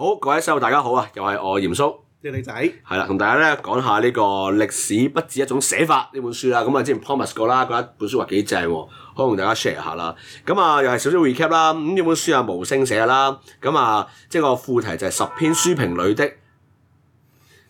好，各位細路大家好啊，又係我鹽叔，迪迪仔，係啦，同大家咧講下呢、這個歷史不止一種寫法呢本書啦，咁啊之前 promise 過啦，嗰本書話幾正，可以同大家 share 下啦。咁啊，又係少小，小 recap 啦。咁呢本書啊毛升寫啦，咁啊即係個副題就係十篇書評裏的，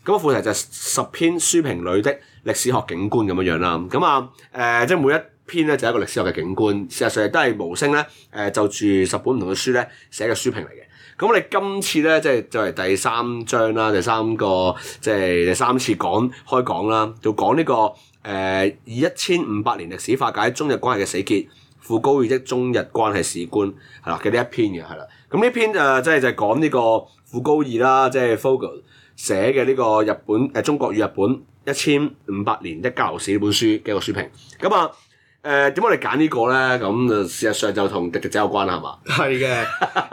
咁副題就係十篇書評裏的歷史學景觀咁樣樣啦。咁啊，誒、呃、即係每一篇咧就是、一個歷史學嘅景觀，事實上都係毛升咧，誒、呃、就住十本唔同嘅書咧寫嘅書評嚟嘅。咁我哋今次咧，即係就係、是、第三章啦，第三個即係、就是、第三次講開講啦，就講呢、這個誒以一千五百年歷史化解中日關係嘅死結，傅高義的《中日關係史觀》係啦嘅呢一篇嘅係、呃就是、啦。咁呢篇誒即係就係、是、講呢個傅高義啦，即係 Fogel 寫嘅呢個日本誒、呃、中國與日本一千五百年的交流史呢本書嘅一個書評。咁啊～誒點解我哋揀呢個咧？咁事實上就同迪迪仔有關啦，係嘛？係嘅。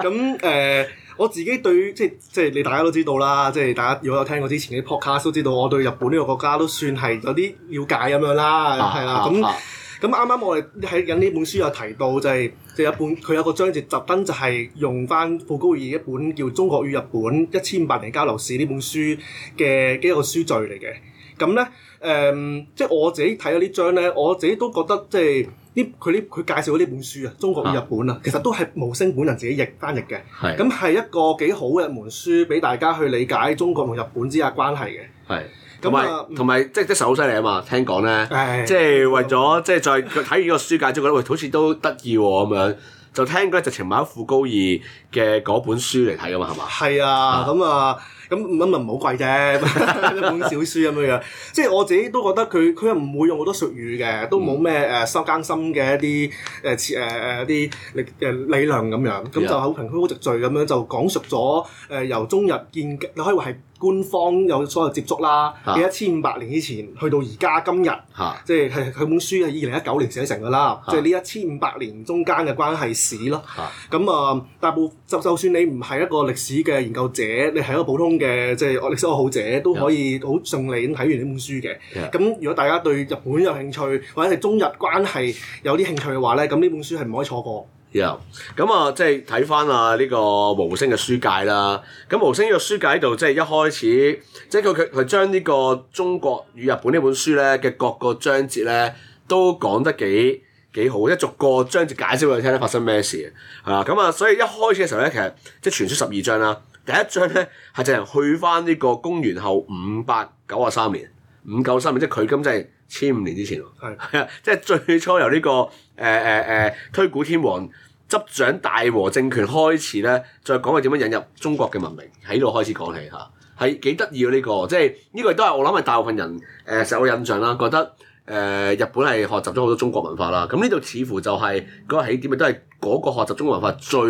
咁誒，uh, 我自己對即係即係你大家都知道啦，即係大家如果有聽過之前啲 podcast 都知道，我對日本呢個國家都算係有啲了解咁樣啦，係啦、啊。咁咁啱啱我哋喺緊呢本書有提到、就是，就係即係本佢有個章節特登，就係用翻傅高義一本叫《中國與日本一千五百年交流史》呢本書嘅一個書序嚟嘅。咁咧，誒、嗯，即係我自己睇咗呢章咧，我自己都覺得即係啲佢啲佢介紹呢本書啊，中國與日本啊，其實都係毛升本人自己譯翻譯嘅。係。咁係一個幾好嘅一門書，俾大家去理解中國同日本之間關係嘅。係。咁啊，同埋即係即係好犀利啊嘛！聽講咧，即係為咗即係再睇完呢個書架之後咧，覺得好似都得意喎咁樣，就聽講就從埋傅高義嘅嗰本書嚟睇噶嘛係嘛？係啊，咁啊。咁咁咪唔好貴啫， 一本小書咁樣樣，即係我自己都覺得佢佢唔會用好多術語嘅，都冇咩誒好艱深嘅一啲誒誒誒一啲理誒理論咁樣，咁就好平鋪直敍咁樣就講述咗誒、呃、由中日建，你可以話係。官方有所有接觸啦，嘅一千五百年以前去到而家今日，哈即係係佢本書係二零一九年寫成㗎啦，哈即係呢一千五百年中間嘅關係史咯。咁啊哈，大部分就就算你唔係一個歷史嘅研究者，你係一個普通嘅即係歷史愛好者，都可以好順利咁睇完呢本書嘅。咁 Yeah. 如果大家對日本有興趣，或者係中日關係有啲興趣嘅話咧，咁呢本書係唔可以錯過。呀，咁、yeah. 啊，即係睇翻啊呢個毛升嘅書界啦。咁毛升呢個書界喺度，即係一開始，即係佢佢佢將呢個中國與日本呢本書咧嘅各個章節咧，都講得幾幾好，一逐個章節解釋俾你聽，發生咩事嘅。係咁啊，所以一開始嘅時候咧，其實即係全書十二章啦。第一章咧係凈係去翻呢個公元後五百九十三年。五九三，即係佢今 1, 是 即係千五年之前咯。係，即係最初由呢、這個誒誒誒推古天皇執掌大和政權開始咧，再講佢點樣引入中國嘅文明喺度開始講起嚇，係幾得意嘅，呢個，即係呢、這個都係我諗係大部分人誒有個印象啦，覺得誒、呃、日本係學習咗好多中國文化啦。咁呢度似乎就係嗰個起點，咪都係嗰個學習中國文化最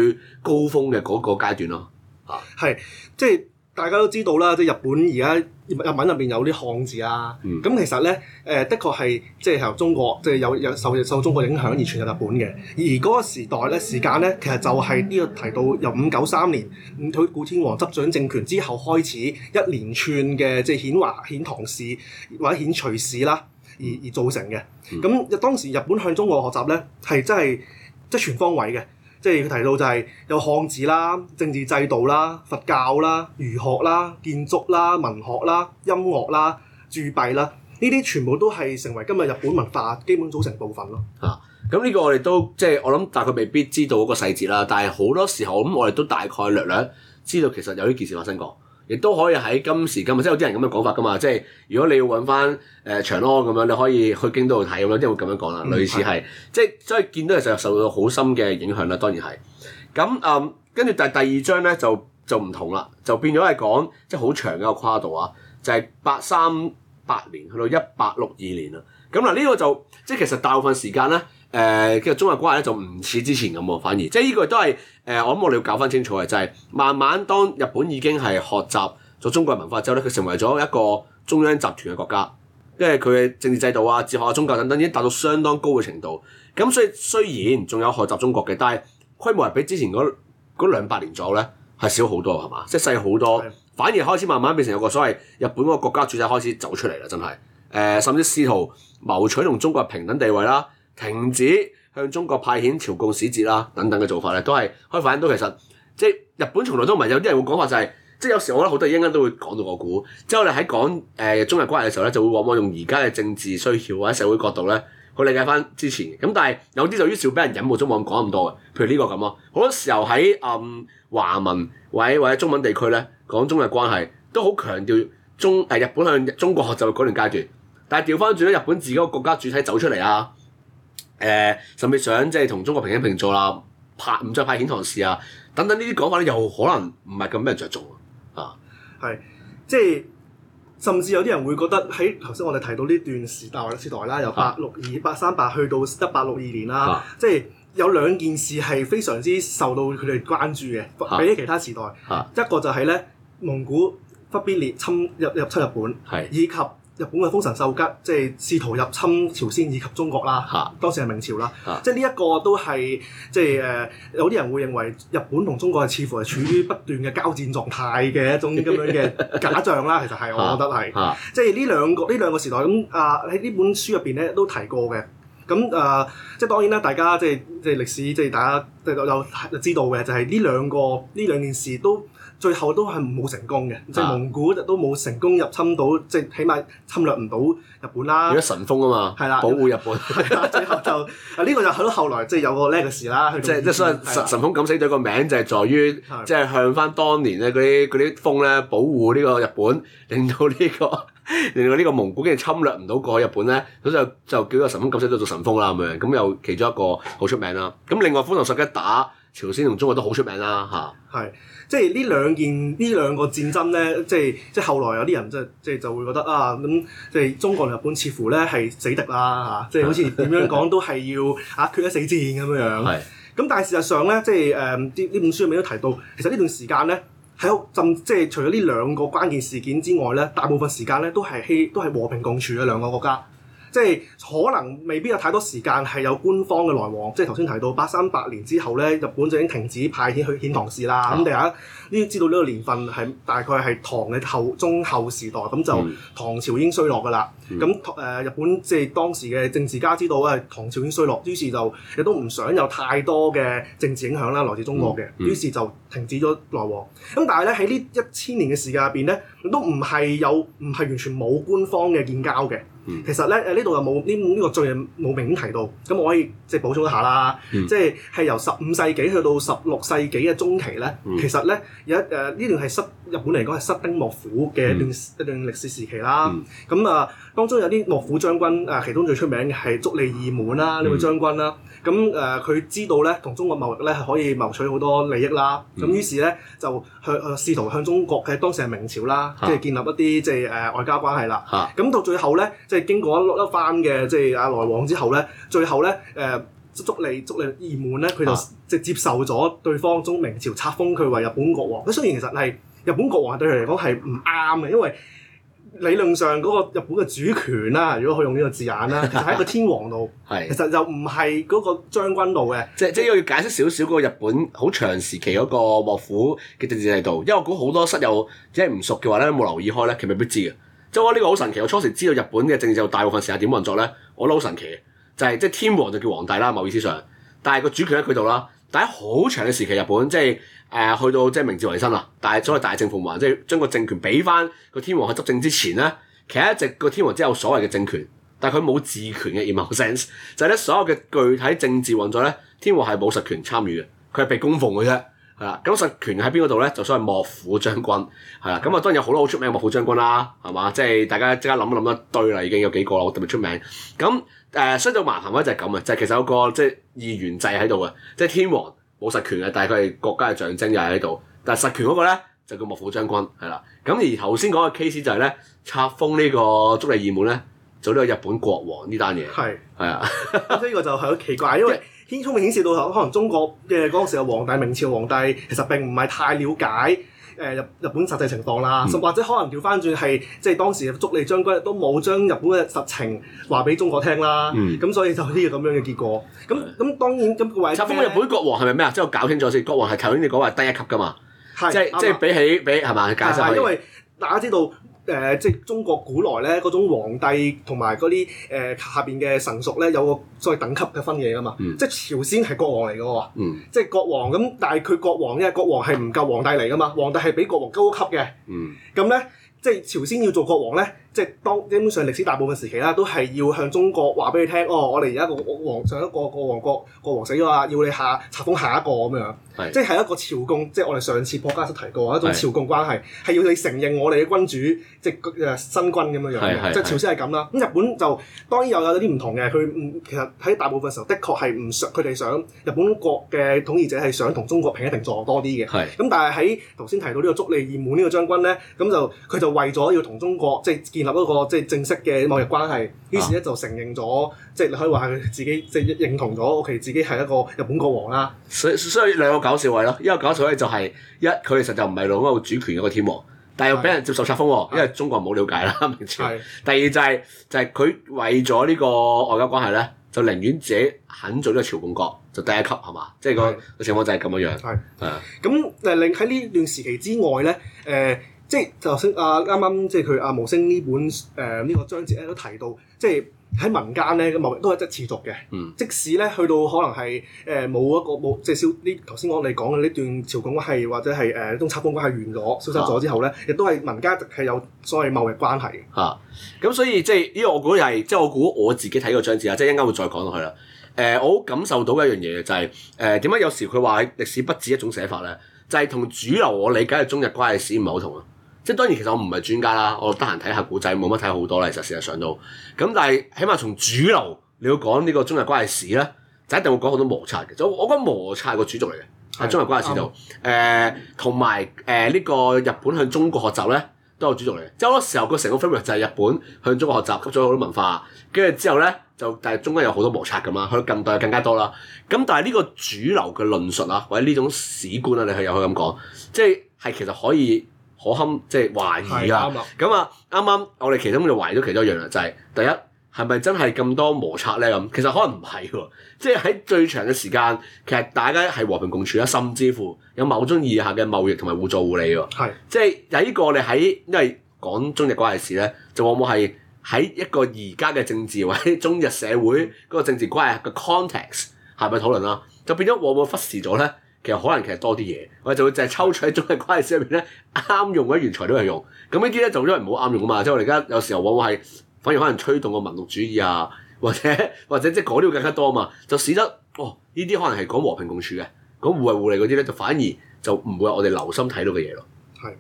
高峰嘅嗰個階段咯。嚇、啊，係即係。大家都知道啦，即係日本而家日文入邊有啲漢字啊，咁、嗯、其實咧，誒、呃，的確係即係由中國，即係有有受受中國影響而傳入日本嘅。而嗰個時代咧，時間咧，其實就係呢、這個提到由五九三年，推古天皇執掌政，政權之後開始一連串嘅即係遣華、遣唐使或者遣隋使啦，而而造成嘅。咁、嗯嗯、當時日本向中國學習咧，係真係即係全方位嘅。即係佢提到就係有漢字啦、政治制度啦、佛教啦、儒學啦、建築啦、文學啦、音樂啦、鑄幣啦，呢啲全部都係成為今日日本文化基本組成部分咯。嚇、啊！咁呢個我哋都即係、就是、我諗，大概未必知道嗰個細節啦。但係好多時候咁，我哋都大概略略知道其實有呢件事發生過。亦都可以喺今時今日，即係有啲人咁樣講法噶嘛，即係如果你要揾翻誒長安咁樣，你可以去京都度睇咁樣，即係會咁樣講啦。類似係、嗯，即係所以見到就受到好深嘅影響啦，當然係。咁嗯，跟住第第二章咧就就唔同啦，就變咗係講即係好長嘅一個跨度啊，就係八三八年去到一八六二年啦。咁嗱，呢個就即係其實大部分時間咧。誒、呃，其實中日關係咧就唔似之前咁喎，反而、啊、反而即係呢個都係誒，我諗我哋要搞翻清楚嘅就係、是，慢慢當日本已經係學習咗中國文化之後咧，佢成為咗一個中央集團嘅國家，因為佢嘅政治制度啊、哲學啊、宗教等等已經達到相當高嘅程度。咁所以雖然仲有學習中國嘅，但係規模係比之前嗰兩百年左右咧係少好多，係嘛？即係細好多，是的 反而開始慢慢變成一個所謂日本嗰個國家主體開始走出嚟啦，真係誒、呃，甚至試圖謀取同中國平等地位啦。停止向中國派遣朝貢使節啦、啊，等等嘅做法咧，都係可以反映到其實即係日本從來都唔係有啲人會講法就係、是，即係有時我覺得好多嘢應該都會講到個估。之後我哋喺講誒中日關係嘅時候咧，就會往往用而家嘅政治需要或者社會角度咧去理解翻之前。咁但係有啲就於是俾人隱沒中冇咁講咁多嘅，譬如呢個咁咯。好多時候喺嗯華文位或，或者中文地區咧講中日關係，都好強調中誒日本向中國學習嘅嗰段階段。但係調翻轉咗日本自己個國家主體走出嚟啊！誒、呃，甚至想即係同中國平起平坐啦，拍唔再派遣唐使啊，等等呢啲講法咧，又可能唔係咁俾人著重啊。係，即係甚至有啲人會覺得喺頭先我哋提到呢段時代啦，時代啦，由八六二八三八去到一八六二年啦，啊、即係有兩件事係非常之受到佢哋關注嘅，比起其他時代，啊啊、一個就係咧蒙古忽必烈侵入入侵日本，是以及。日本嘅豐臣秀吉即係、就是、試圖入侵朝鮮以及中國啦，啊、當時係明朝啦，啊、即係呢一個都係即係誒有啲人會認為日本同中國係似乎係處於不斷嘅交戰狀態嘅一種咁樣嘅假象啦。 其實係我覺得係，啊、即係呢兩個呢兩個時代咁啊喺呢本書入邊咧都提過嘅，咁、嗯、啊、呃、即係當然啦，大家即係即係歷史即係大家都有知道嘅，就係、是、呢兩個呢兩件事都。最後都係冇成功嘅，即係蒙古都冇成功入侵到，即係起碼侵略唔到日本啦。如果神風啊嘛，保護日本。最後就啊呢個就喺到後來即係有個叻嘅事啦。即係即係所以神神風敢死隊個名就係在於即係向翻當年咧嗰啲啲風咧保護呢個日本，令到呢個令到呢個蒙古跟住侵略唔到過日本咧，咁就就叫個神風敢死隊做神風啦咁樣。咁又其中一個好出名啦。咁另外風狼十一打。朝鮮同中國都好出名啦，啊，嚇。係，即係呢兩件呢兩個戰爭咧，即係即係後來有啲人即係即係就會覺得啊，咁即係中國同日本似乎咧係死敵啦，嚇， 即係好似點樣講都係要啊決一死戰咁樣樣。係是。咁但係事實上咧，即係誒，啲、嗯、呢本書入面都提到，其實呢段時間咧，喺浸即係除咗呢兩個關鍵事件之外咧，大部分時間咧都係希都係和平共處嘅兩個國家。即係可能未必有太多時間係有官方嘅來往，即係頭先提到八三八年之後呢，日本就已經停止派遣去遣唐使啦。咁第下？嗯你要知道呢個年份係大概係唐嘅後中後時代，咁就、嗯、唐朝已經衰落㗎啦。咁誒、嗯嗯、日本即係、就是、當時嘅政治家知道啊，唐朝已經衰落，於是就亦都唔想有太多嘅政治影響啦，來自中國嘅，嗯嗯、於是就停止咗來往。咁但係咧，喺呢一千年嘅時間入邊咧，都唔係有，唔係完全冇官方嘅建交嘅。嗯、其實咧，呢度又冇呢，呢個序言冇明顯提到，咁我可以即係補充一下啦，嗯、即係係由十五世紀去到十六世紀嘅中期咧，其實咧。嗯有誒呢段係失日本嚟講係室町幕府嘅一段一、嗯、段歷史時期啦。咁啊、嗯，當中有啲幕府將軍啊，其中最出名嘅係足利義滿啦呢位將軍啦。咁誒佢知道咧，同中國貿易咧係可以謀取好多利益啦。咁於、嗯、是咧就向向試圖向中國嘅當時係明朝啦，跟住、啊、建立一啲即係誒外交關係啦。咁、啊、到最後咧，即係經過一一番嘅即係啊來往之後咧，最後咧誒。呃足利足利義滿咧，佢就直接受咗對方中明朝冊封佢為日本國王。咁雖然其實係日本國王對佢嚟講係唔啱嘅，因為理論上嗰個日本嘅主權啦，如果佢用呢個字眼啦，就喺個天皇度， 其實就唔係嗰個將軍度嘅。即即係要解釋少少嗰個日本好長時期嗰個幕府嘅政治制度。因為我估好多室友即係唔熟嘅話咧，冇留意開咧，佢未必知嘅。即係我覺得呢個好神奇。我初時知道日本嘅政治制度大部分時間點運作咧，我覺得好神奇。就係即係天皇就叫皇帝啦，某意思上，但係個主權喺佢度啦。但係好長嘅時期，日本即係、就是呃、去到即係明治維新啦，大所謂大政奉還，即係將個政權俾翻個天皇去執政之前咧，其實一直個天皇只有所謂嘅政權，但係佢冇治權嘅，in any sense。就係咧，所有嘅具體政治運作咧，天皇係冇實權參與嘅，佢係被供奉嘅啫。係啦，咁實權喺邊度咧？就所謂幕府將軍係啦，咁啊當然有好多好出名嘅幕府將軍啦，係嘛？即係大家即刻諗都諗得一堆啦，已經有幾個啦，特別出名。咁誒、呃，所以就麻煩咧，就係咁啊，就係、是、其實有個即係二元制喺度嘅，即係天皇。冇實權嘅，但係佢係國家嘅象徵又喺度。但係實權嗰個咧就叫幕府將軍係啦。咁而頭先講嘅 case 就係咧，冊封個祝門呢個足利義滿咧做呢個日本國王呢單嘢。係係啊，所以呢個就係好奇怪，因為。天窗嘅顯示到，可能中國嘅嗰時候皇帝，明朝皇帝其實並唔係太了解誒日、呃、日本實際情況啦，或者、嗯、可能調翻轉係即係當時嘅足利將軍都冇將日本嘅實情話俾中國聽啦，咁、嗯、所以就呢個咁樣嘅結果。咁咁當然咁個位，日本國王係咪咩啊？即係我搞清楚先，國王係頭先你講話低一級噶嘛，即係即係比起比係嘛，架勢因為大家知道。誒即係中國古來咧嗰種皇帝同埋嗰啲誒下邊嘅臣屬咧有個所謂等級嘅分野㗎嘛，即係、嗯、朝鮮係國王嚟嘅喎，即係、嗯、國王咁，但係佢國王咧國王係唔夠皇帝嚟㗎嘛，皇帝係比國王高級嘅，咁咧即係朝鮮要做國王咧。即係當基本上歷史大部分時期啦，都係要向中國話俾你聽，哦，我哋而家個皇，上一個個王國個王死咗啊，要你下冊封下一個咁樣。是即係一個朝貢，即係我哋上次國家都提過，一種朝貢關係，係是要你承認我哋嘅君主即係新君，咁樣，即朝鮮，即係頭先係咁啦。咁日本就當然又有啲唔同嘅，佢其實喺大部分時候的確係唔想，佢哋想日本國嘅統治者係想同中國平起平坐多啲嘅。係是。咁但係喺頭先提到呢個足利義滿呢個將軍咧，咁就佢就為咗要同中國即係建入一個即係正式嘅貿易關係，於是咧就承認咗，即係你可以話佢自己即係認同咗，佢自己係一個日本國王啦。所所以兩個搞笑位咯，一個搞笑位就係一佢其實就唔係攞緊個主權嗰個天王，但係又俾人接受冊封，因為中國人冇了解啦。係。第二就係就係佢為咗呢個外交關係咧，就寧願自己肯做呢個朝貢國，就第一級係嘛，即係個個情況就係咁樣樣。係。啊。咁誒，另喺呢段時期之外咧，誒。即係頭先啊，啱啱即係佢啊毛升呢本誒呢、呃這個章節咧都提到，即係喺民間咧貿易都係一則持續嘅。嗯、即使咧去到可能係誒冇一個冇即係少呢頭先我哋講嘅呢段朝貢關係，或者係誒一種冊封關係完咗消失咗之後咧，啊、亦都係民間係有所謂貿易關係嘅。咁所以即係呢、這個我估係即係我估我自己睇個章節啊，即係一陣間會再講落去啦。誒、呃，我好感受到一樣嘢就係誒點解有時佢話歷史不止一種寫法咧，就係、是、同主流我理解嘅中日關係史唔係好同啊。即係當然，其實我唔係專家啦。我得閒睇下古仔，冇乜睇好多啦。其實事實上都咁，但係起碼從主流，你要講呢個中日關係史咧，就一定會講好多摩擦嘅。就我覺得摩擦係個主軸嚟嘅喺中日關係史度。誒同埋誒呢個日本向中國學習咧，都有主軸嚟嘅。即係好多時候，個成個氛圍就係日本向中國學習，吸咗好多文化。跟住之後咧，就但係中間有好多摩擦咁啦。去到近代更加多啦。咁但係呢個主流嘅論述啊，或者呢種史觀啊，你係又可以咁講，即係係其實可以。可堪即係懷疑啊！咁啊，啱啱、嗯、我哋其中就懷疑咗其中一樣啦，就係、是、第一係咪真係咁多摩擦呢？咁其實可能唔係喎，即係喺最長嘅時間，其實大家係和平共處啦，甚至乎有某種意義下嘅貿易同埋互助互利喎。是即係喺呢個我哋喺因為講中日關係時呢，就往往係喺一個而家嘅政治或者中日社會嗰個政治關係嘅 context 係咪討論啦，啊？就變咗往往忽視咗呢。其實可能其實多啲嘢，我哋就會淨係抽取喺種嘅關係上邊咧，啱用嘅原材料嚟用。咁呢啲咧，就因為唔好啱用啊嘛。即係我哋而家有時候往往係反而可能吹動個民族主義啊，或者或者即係講啲會更加多啊嘛，就使得哦呢啲可能係講和平共處嘅，講互惠互利嗰啲咧，就反而就唔會我哋留心睇到嘅嘢咯。係。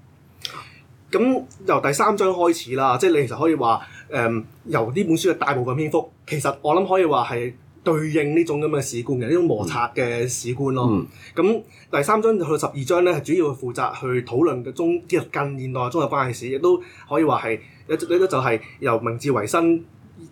咁由第三章開始啦，即係你其實可以話誒、呃，由呢本書嘅大部分篇幅，其實我諗可以話係。對應呢種咁嘅史觀嘅呢種摩擦嘅史觀咯。咁、嗯、第三章去到十二章呢，係主要負責去討論嘅中，其實近現代中日關係史，亦都可以話係一，呢啲就係由明治維新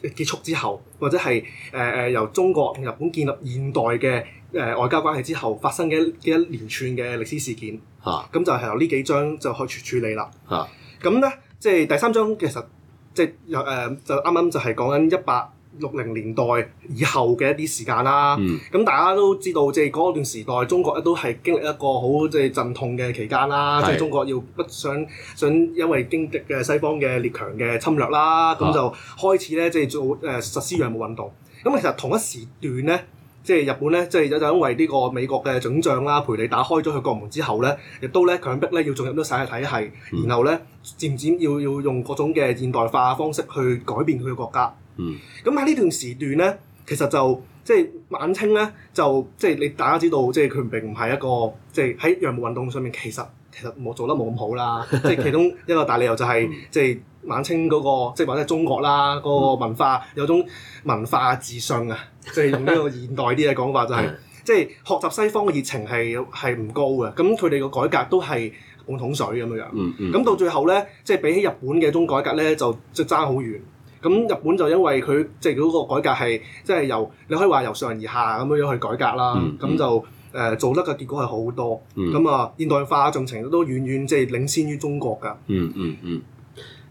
結束之後，或者係誒誒由中國同日本建立現代嘅誒、呃、外交關係之後發生嘅一嘅一連串嘅歷史事件。嚇、啊！咁就係由呢幾章就去處處理啦。嚇、啊！咁呢，即、就、係、是、第三章其實即係又誒就啱啱就係講緊一百。六零年代以後嘅一啲時間啦，咁、嗯、大家都知道，即係嗰段時代，中國都係經歷一個好即係陣痛嘅期間啦。即係是中國要不想想因為經歷嘅西方嘅列強嘅侵略啦，咁、啊、就開始咧，即、就、係、是、做誒、呃、實施洋務運動。咁其實同一時段咧，即、就、係、是、日本咧，即係就是、因為呢個美國嘅總將啦，培理打開咗佢國門之後咧，亦都咧強迫咧要進入咗世界體系，嗯、然後咧漸漸要要用各種嘅現代化方式去改變佢嘅國家。嗯，咁喺呢段時段咧，其實就即係、就是、晚清咧，就即係、就是、你大家知道，即係佢並唔係一個即係喺洋務運動上面，其實其實冇做得冇咁好啦。即係 其中一個大理由就係、是，即、就、係、是、晚清嗰、那個即係或者係中國啦嗰、那個文化有種文化自信啊，即、就、係、是、用呢個現代啲嘅講法就係、是，即係 學習西方嘅熱情係係唔高嘅。咁佢哋個改革都係半桶水咁樣樣。咁 到最後咧，即、就、係、是、比起日本嘅一種改革咧，就即係爭好遠。咁日本就因為佢即係嗰個改革係，即係由你可以話由上而下咁樣樣去改革啦。咁、嗯嗯、就誒、呃、做得嘅結果係好好多。咁啊現代化進程都遠遠即係領先於中國㗎。嗯嗯嗯。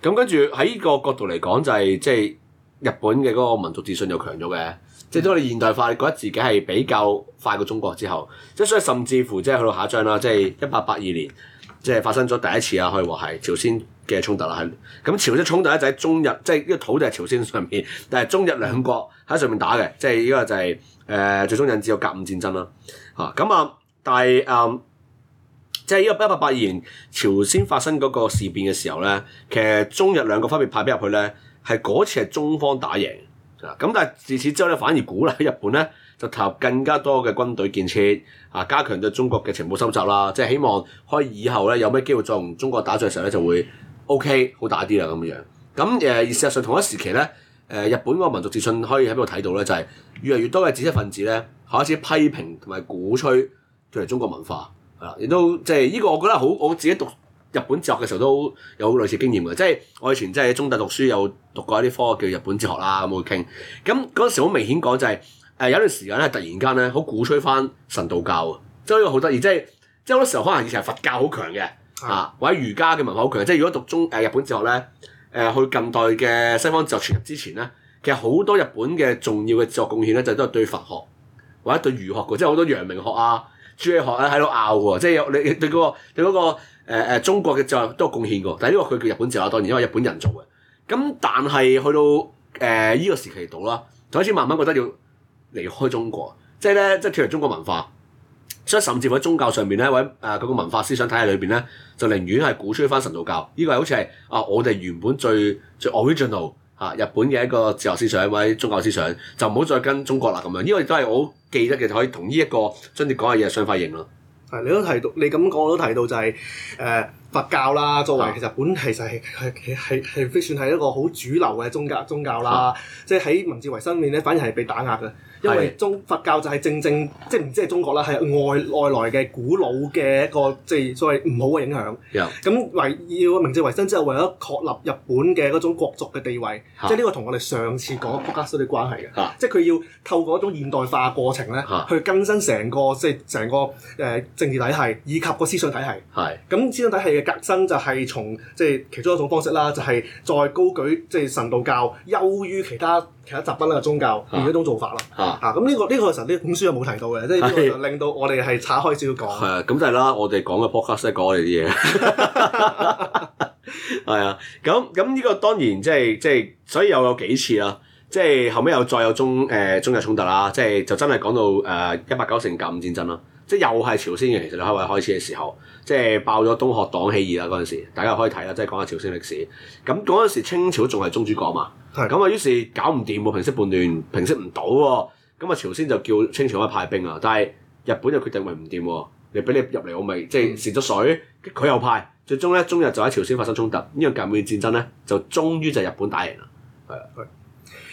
咁、嗯、跟住喺呢個角度嚟講、就是，就係即係日本嘅嗰個民族自信又強咗嘅，嗯、即係當你現代化你覺得自己係比較快過中國之後，即係所以甚至乎即係去到下一章啦，即係一八八二年。即係發生咗第一次啊，可以話係朝鮮嘅衝突啦。咁朝鮮衝突咧就喺中日，即係呢個土地係朝鮮上面，但係中日兩國喺上面打嘅，即係呢個就係、是、誒、呃、最終引致有甲午戰爭啦。嚇咁啊，但係誒即係呢個一八八二年朝鮮發生嗰個事變嘅時候咧，其實中日兩個分別派兵入去咧，係嗰次係中方打贏，咁、啊、但係自此之後咧，反而鼓勵喺日本咧。就投入更加多嘅軍隊建設，啊，加強對中國嘅情報收集啦，即係希望可以以後咧有咩機會再同中國打仗嘅時候咧就會 O、OK, K 好打啲啦咁嘅樣。咁誒事實上同一時期咧，誒日本個民族自信可以喺邊度睇到咧？就係、是、越嚟越多嘅知識分子咧，開始批評同埋鼓吹對住中國文化，係啦，亦都即係呢個我覺得好，我自己讀日本哲學嘅時候都有類似經驗嘅，即、就、係、是、我以前即係喺中大讀書有讀過一啲科叫日本哲學啦咁去傾，咁嗰陣時好明顯講就係、是。誒有段時間咧，突然間咧，好鼓吹翻神道教啊！即係呢個好得意，即係即係好多時候可能以前係佛教好強嘅啊，或者儒家嘅文化好強。即係如果讀中誒日本哲學咧，誒去近代嘅西方哲學傳入之前咧，其實好多日本嘅重要嘅哲學貢獻咧，就都係對佛學或者對儒學嘅，即係好多陽明學啊、朱熹學啊喺度拗嘅。即係有你對嗰個對嗰個誒誒中國嘅哲學都有貢獻過。但係呢個佢叫日本哲學，當然因為日本人做嘅。咁但係去到誒呢個時期度啦，就開始慢慢覺得要離開中國，即係咧，即係脫離中國文化，所以甚至乎喺宗教上面咧，喺誒嗰個文化思想體系裏邊咧，就寧願係鼓吹翻神道教。呢、這個係好似係啊，我哋原本最最 original 嚇、啊、日本嘅一個自由思想，或者宗教思想，就唔好再跟中國啦咁樣。呢個亦都係我記得嘅，就可以同呢一個將你講嘅嘢相反映咯。係、啊，你都提到，你咁講我都提到就係、是、誒。呃佛教啦，作為其實日本其實係係係係非算係一個好主流嘅宗教宗教啦，啊、即係喺明治維新面咧，反而係被打壓嘅，因為宗佛教就係正正即係唔止係中國啦，係外外來嘅古老嘅一個即係所謂唔好嘅影響。咁、啊、為要明治維新之後為咗確立日本嘅嗰種國族嘅地位，啊、即係呢個同我哋上次講嘅國家少啲關係嘅，啊、即係佢要透過一種現代化過程咧，啊、去更新成個即係成個誒政治體系以及個思想體系。咁、嗯、思想體系革新就係從即係其中一種方式啦，就係、是、再高舉即係神道教優於其他其他習賓啦嘅宗教而一種做法啦。嚇，咁呢個呢、這個時候呢本書有冇提到嘅？即係是令到我哋係岔開少少講。係啊，咁就係啦。我哋講嘅 podcast 講我哋啲嘢。係啊， 咁咁呢個當然即係即係，就是、所以又有幾次啦。即、就、係、是、後尾又再有中誒、呃、中日衝突啦。即、就、係、是、就真係講到誒一八九五甲午戰爭啦。即係又係朝鮮嘅，其實你可謂開始嘅時候，即係爆咗東學黨起義啦嗰陣時，大家可以睇啦，即係講下朝鮮歷史。咁嗰陣時清朝仲係宗主國嘛？係咁啊，於是搞唔掂平息叛亂，平息唔到喎。咁啊朝鮮就叫清朝去派兵啦，但係日本就決定為唔掂，你俾你入嚟我咪即係蝕咗水，佢又派，最終咧中日就喺朝鮮發生衝突，呢場甲午戰爭咧就終於就係日本打贏啦，係啊的。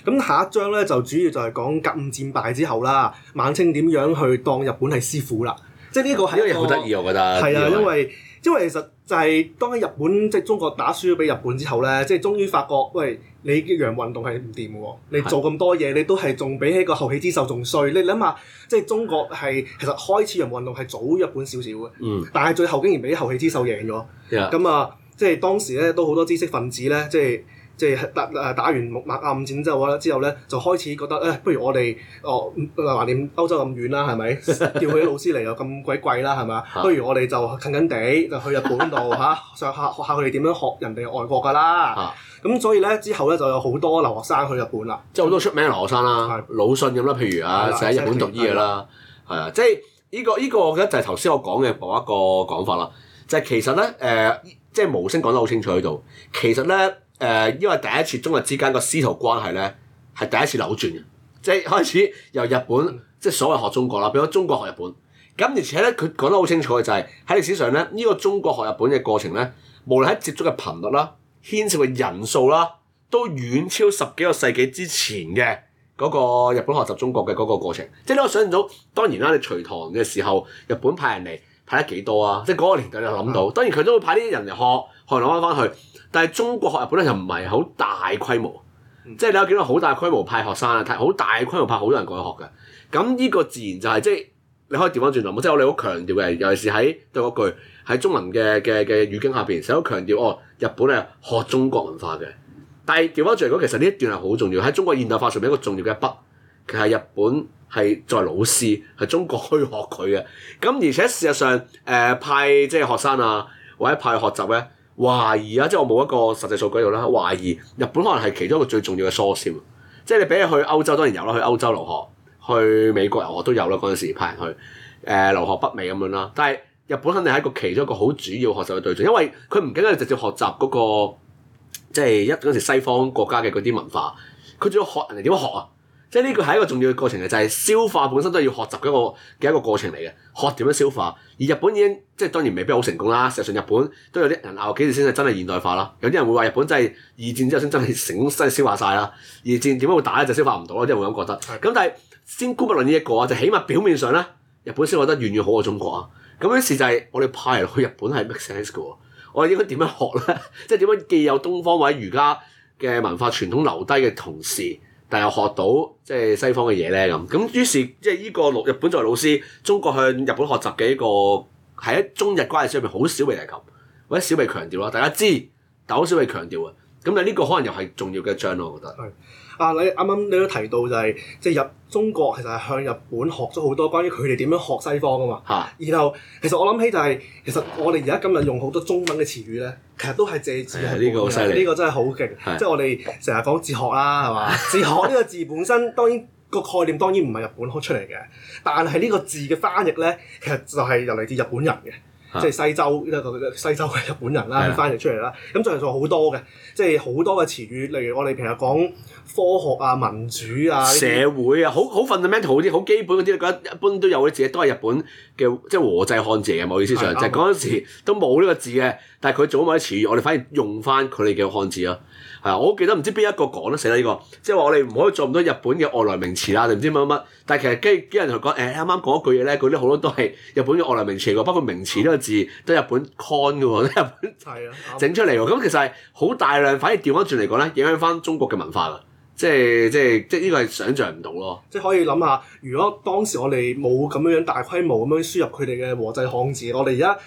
咁下一章咧就主要就係講甲午戰敗之後啦，晚清點樣去當日本係師傅啦？即係呢個係一個好得意，我覺得係啊，因為是因為其實就係當緊日本即係、就是、中國打輸咗俾日本之後咧，即、就、係、是、終於發覺，喂，你啲洋運動係唔掂嘅喎，你做咁多嘢，你都係仲比起個後起之秀仲衰。你諗下，即、就、係、是、中國係其實開始洋運動係早日本少少嘅，嗯，但係最後竟然俾後起之秀贏咗，咁啊 Yeah.，即係當時咧都好多知識分子咧，即係。即係打誒打完木馬暗戰之後，我覺得之後咧就開始覺得咧，不如我哋哦，懷念歐洲咁遠啦，係咪叫佢啲老師嚟又咁鬼貴啦，係咪不如我哋就近近地就去日本度嚇上下學下佢哋點樣學人哋外國噶啦？咁所以咧，之後咧就有好多留學生去日本啦，即係好多出名留學生啦，魯迅咁啦，譬如啊，寫喺日本讀醫嘅啦，係啊，即係呢個呢個，我覺得就係頭先我講嘅某一個講法啦，就係其實咧誒，即係毛升講得好清楚喺度，其實咧。誒，因為第一次中日之間嘅師徒關係咧，係第一次扭轉嘅，即係開始由日本即係所謂學中國啦，變咗中國學日本。咁而且咧，佢講得好清楚嘅就係喺歷史上咧，呢個中國學日本嘅過程咧，無論喺接觸嘅頻率啦、牽涉嘅人數啦，都遠超十幾個世紀之前嘅嗰個日本學習中國嘅嗰個過程。即係你我想象到，當然啦，你隋唐嘅時候，日本派人嚟派得幾多啊？即係嗰個年代你又諗到，當然佢都會派啲人嚟學，學完攞翻翻去。但係中國學日本咧就唔係好大規模，嗯、即係你有見到好大規模派學生啊，好大規模派好多人過去學嘅。咁呢個自然就係、是、即係你可以調翻轉頭，即係我哋好強調嘅，尤其是喺對嗰句喺中文嘅嘅嘅語境下邊，成日都強調哦，日本係學中國文化嘅。但係調翻轉嚟講，其實呢一段係好重要喺中國現代化上面一個重要嘅筆，其實日本係作為老師係中國去學佢嘅。咁而且事實上誒、呃、派即係學生啊，或者派去學習咧。懷疑啊，即係我冇一個實際數據喺度啦。懷疑日本可能係其中一個最重要嘅 source 即係你俾佢去歐洲當然有啦，去歐洲留學，去美國遊學都有啦。嗰陣時派人去，誒、呃、留學北美咁樣啦。但係日本肯定係一個其中一個好主要學習嘅對象，因為佢唔僅僅直接學習嗰、嗰個，即係一嗰陣時西方國家嘅嗰啲文化，佢仲要學人哋點樣學啊！即係呢個係一個重要嘅過程嘅，就係、是、消化本身都係要學習嘅一個嘅一個過程嚟嘅，學點樣消化。而日本已經即係當然未必好成功啦。事實上日本都有啲人鬧幾時先係真係現代化啦。有啲人會話日本真係二戰之後先真係成功真係消化晒啦。二戰點樣會打咧就是、消化唔到咯，即係會咁覺得。咁但係先姑勿論呢一個啊，就起碼表面上咧，日本先我覺得遠遠好過中國啊。咁呢事就係我哋派人去日本係 make sense 嘅。我哋應該點樣學咧？ 即係點樣既有東方或者儒家嘅文化傳統留低嘅同時？但又學到即係西方嘅嘢咧咁，咁於是即係呢個日本作為老師，中國向日本學習嘅一個喺中日關係上面好少被提及，或者少被強調咯。大家知，但好少被強調啊。咁但呢個可能又係重要嘅一章咯，我覺得。啊！你啱啱你都提到就係即係入中國其實係向日本學咗好多關於佢哋點樣學西方㗎嘛，啊然後其實我諗起就係、是、其實我哋而家今日用好多中文嘅詞語咧，其實都係藉住係日本嘅，呢、哎這個、個真係好勁，的即係我哋成日講哲學啦，係嘛的？哲吧學呢個字本身當然個 概念當然唔係日本學出嚟嘅，但係呢個字嘅翻譯咧，其實就係由嚟自日本人嘅。即係西周，即係西周嘅日本人啦，的翻譯出嚟啦。咁在下仲有好多嘅，即係好多嘅詞語，例如我哋平日講科學啊、民主啊、社會啊，好好 fundamental 嗰啲，好基本嗰啲，你覺得一般都有啲字，都係日本嘅，即係和製漢字嘅，冇意思上。就係嗰陣時都冇呢個字嘅，但係佢做咗某啲詞語，我哋反而用翻佢哋嘅漢字咯。係啊，我記得唔知邊一個講咧，死喇呢個，即係話我哋唔可以做咁多日本嘅外來名詞啦，定唔知乜乜乜。但係其實跟住啲人就講，誒啱啱講一句嘢咧，佢啲好多都係日本嘅外來名詞喎，包括名詞呢個字都係日本 con 嘅喎，都係日本整的出嚟喎。咁的其實係好大量，反而調翻轉嚟講咧，影響翻中國嘅文化㗎，即係即係即係呢個係想象唔到咯。即係可以諗下，如果當時我哋冇咁樣樣大規模咁樣輸入佢哋嘅和製漢字，我哋而家。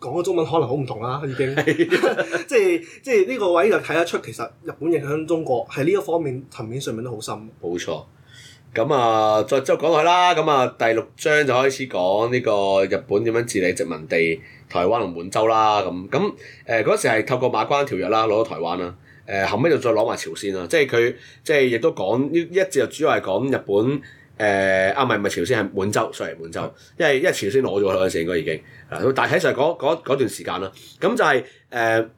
講嘅中文可能好唔同啦，已經，即係即係呢個位就睇得出其實日本影響中國喺呢一方面層面上面都好深。冇錯，咁啊，再之後講落去啦，咁啊第六章就開始講呢個日本點樣治理殖民地台灣同滿洲啦。咁咁誒嗰時係透過馬關條約啦，攞咗台灣啦，誒、呃、後尾就再攞埋朝鮮啦。即係佢即係亦都講呢一節就主要係講日本。誒啊！唔係唔係朝鮮，係滿洲，上嚟滿洲，嗯、因為因為朝鮮攞咗啦，應該已經，咁但係喺就嗰段時間啦，咁就係、是、誒，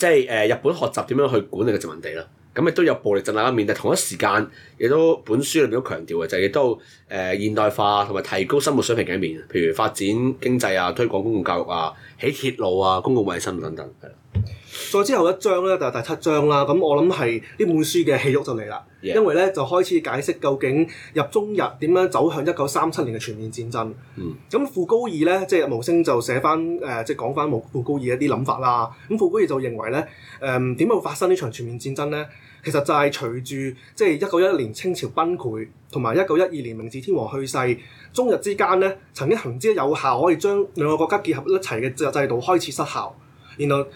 即係誒日本學習點樣去管理個殖民地啦，咁亦都有暴力鎮壓一面，但同一時間亦都本書裏面都強調嘅就係、是、亦都誒、呃、現代化同埋提高生活水平嘅一面，譬如發展經濟啊、推廣公共教育啊、起鐵路啊、公共衞生等等，係啦。再之後一章咧就係第七章啦，咁、嗯、我諗係呢本書嘅戲肉就嚟啦，Yeah. 因為咧就開始解釋究竟入中日點樣走向一九三七年嘅全面戰爭。咁、mm. 嗯、傅高義咧即係無聲就寫翻誒、呃，即係講翻傅傅高義一啲諗法啦。咁、嗯、傅高義就認為咧誒點解會發生呢場全面戰爭咧？其實就係隨住即係一九一一年清朝崩潰，同埋一九一二年明治天皇去世，中日之間咧曾經行之有效可以將兩個國家結合一齊嘅制度開始失效，然後，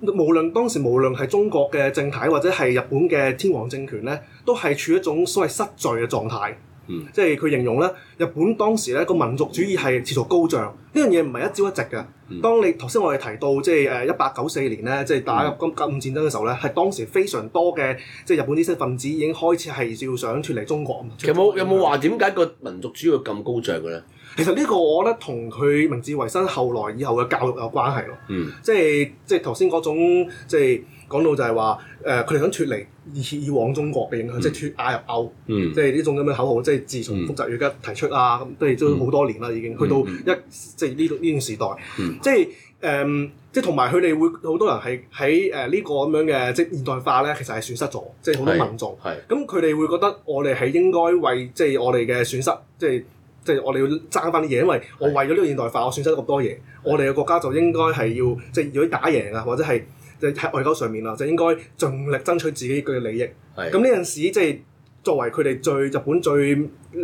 無論當時無論係中國嘅政體或者係日本嘅天皇政權咧，都係處於一種所謂失序嘅狀態。嗯，即係佢形容咧，日本當時咧個民族主義係持續高漲。呢樣嘢唔係一朝一夕嘅。當你頭先我哋提到即係誒一八九四年咧，即係打緊甲午戰爭嘅時候咧，係，嗯，當時非常多嘅即係日本知識分子已經開始係照想脱離中國。有冇有冇話點解個民族主義咁高漲嘅咧？其實呢個我覺得同佢明治維新後來以後嘅教育有關係咯、嗯，即係即係頭先嗰種即係講到就係話，誒、呃、佢哋想脱離以往中國嘅影響，嗯、即係脱亞入歐，嗯、即係呢種咁嘅口號，即係自從福澤諭吉提出啦，咁都都好多年啦已經，去到一即係呢段呢段時代，嗯、即係誒、嗯、即係同埋佢哋會好多人係喺誒呢個咁樣嘅即係現代化咧，其實係損失咗，即係好多民眾，咁佢哋會覺得我哋係應該為即係我哋嘅損失，即係。即即係我哋要爭翻啲嘢，因為我為咗呢個現代化，我損失咗咁多嘢，是的 我哋嘅國家就應該係要即係、就是、要打贏啊，或者係即係喺外交上面啊，就應該盡力爭取自己嘅利益。係是的。咁呢陣時即係作為佢哋最日本最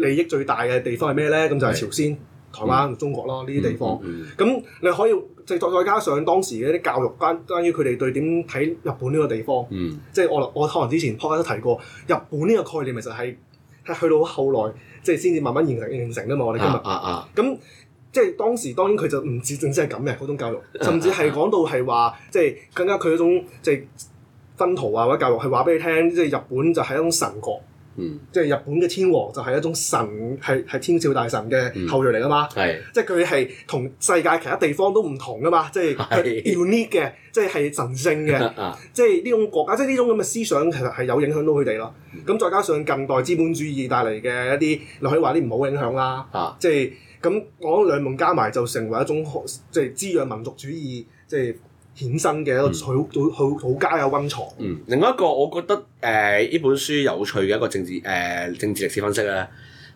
利益最大嘅地方係咩咧？咁就係朝鮮、是的 台灣同、嗯、中國咯，呢啲地方。嗯，嗯。咁、嗯嗯、你可以即再再加上當時嘅啲教育關關於佢哋對點睇日本呢個地方。即係、嗯嗯、我我，我，我可能之前都提過日本呢個概念、就是，其實係係去到後來。即係先至慢慢形成形成啦嘛，我哋今日，咁、uh, uh, uh. 即係當時當然佢就唔止淨係咁嘅嗰種教育，甚至係講到係話，即係更加佢嗰種即係、就是、薰陶啊或者教育，係話俾你聽，即係日本就係一種神國。嗯、即係日本嘅天皇就係一種神，係係天照大神嘅後裔嚟啊嘛，嗯、即係佢係同世界其他地方都唔同啊嘛，即係是 unique 嘅，即係神聖嘅， 即係呢種國家，即係呢種咁嘅思想其實係有影響到佢哋咯。咁、嗯、再加上近代資本主義帶嚟嘅一啲，你可以話啲唔好影響啦。啊、即係咁，講兩樣加埋就成為一種即係滋養民族主義，即係。衍生嘅一個好好好好家嘅溫床。嗯，另外一個我覺得誒呢、呃、本書有趣嘅一個政治誒、呃、政治歷史分析咧，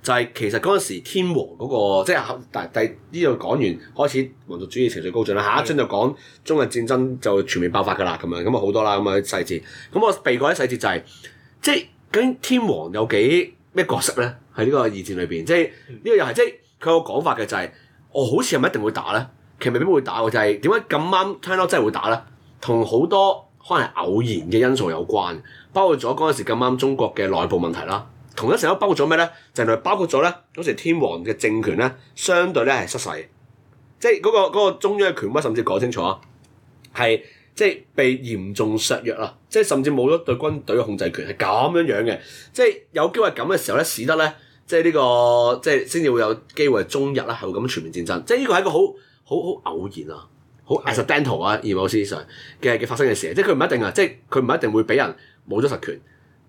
就係、是、其實嗰陣時天皇嗰、那個即係第第呢度講完開始民族主義情緒高漲啦，下一章就講中日戰爭就全面爆發噶啦咁樣，咁啊好多啦咁啊細節。咁我避過啲細節就係、是、即係究竟天皇有幾咩角色咧？喺呢個二戰裏邊，即係呢個又係即係佢有講法嘅就係、是，我、哦、好似係咪一定會打咧。其實未必會打喎、就是，就係點解咁啱 turn out 真係會打咧？同好多可能係偶然嘅因素有關，包括咗嗰陣時咁啱中國嘅內部問題啦。同一時都包括咗咩咧？就係、是、包括咗咧，嗰時天皇嘅政權咧，相對咧係失勢，即係嗰、那個那個中央嘅權威，甚至講清楚啊，係即係被嚴重削弱啦，即係甚至冇咗對軍隊嘅控制權，係咁樣樣嘅。即係有機會咁嘅時候咧，使得咧，即係呢、這個即係先至會有機會係中日啦，係會咁全面戰爭。即係呢個係一個好。好好偶然啊，好 accidental 啊，而冇思上，嘅嘅發生嘅事、啊，即係佢唔一定啊，即係佢唔一定會俾人冇咗實權，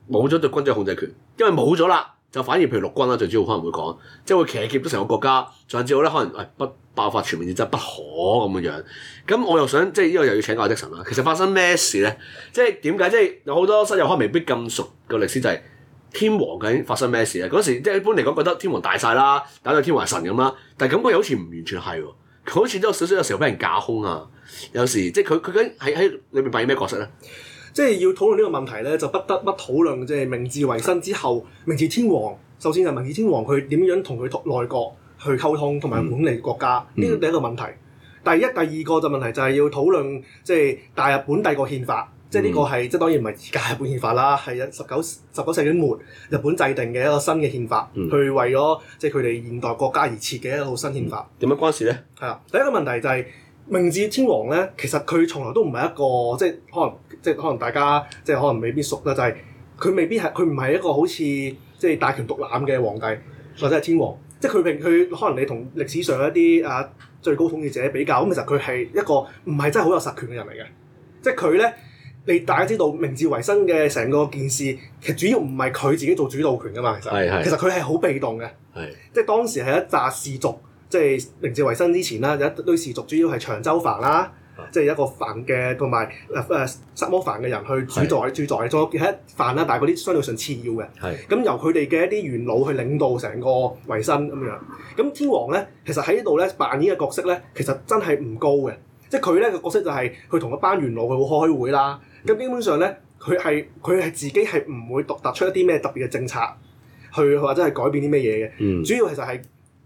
冇咗對軍隊控制權，因為冇咗啦，就反而譬如陸軍啦、啊，最主要可能會講，即係會騎劫咗成個國家，甚至乎咧可能誒、哎、不爆發全面戰爭不可咁嘅樣。咁我又想即係呢個又要請教迪神啦。其實發生咩事咧？即係點解？即係有好多室友可能未必咁熟嘅歷史就係、是、天皇究竟發生咩事咧？嗰時即係一般嚟講覺得天皇大晒啦，打到天皇係神咁啦，但係感覺又好似唔完全係。佢好似都有少少有時候俾人架空啊！有時即係佢，佢喺喺裏面扮演咩角色咧？即係要討論呢個問題咧，就不得不討論即係明治維新之後，明治天皇首先係明治天皇佢點樣同佢內閣去溝通同埋管理國家呢個、嗯、第一個問題。第一第二個就問題就係要討論即係大日本帝國憲法。即係呢個係即係當然唔係而家日本憲法啦，係啊，十九十九世紀末日本制定嘅一個新嘅憲法，嗯、去為咗即係佢哋現代國家而設嘅一套新憲法。點樣、嗯、關事咧？係啦、嗯，第一個問題就係、是、明治天皇咧，其實佢從來都唔係一個即係可能即係可能大家即係可能未必熟啦，就係、是、佢未必係佢唔係一個好似即係大權獨攬嘅皇帝或者係天皇，即係佢佢可能你同歷史上一啲啊最高統治者比較，咁其實佢係一個唔係真係好有實權嘅人嚟嘅，即係佢咧。你大家知道明治維新嘅成個件事，其實主要唔係佢自己做主導權噶嘛，其實其實佢係好被動嘅是，即係當時係一紮士族，即係明治維新之前啦，有一堆士族，主要係長州藩啦，是是即係一個藩嘅同埋誒薩摩藩嘅人去主宰。是是主宰咗一藩啦，但係嗰啲相對上次要嘅，咁是是 由佢哋嘅一啲元老去領導成個維新咁樣。咁天皇咧，其實喺呢度咧扮演嘅角色咧，其實真係唔高嘅，即係佢咧嘅角色就係佢同一班元老去開會啦。咁基本上咧，佢係佢係自己係唔會獨突出一啲咩特別嘅政策去，去或者係改變啲咩嘢嘅。嗯、主要其實係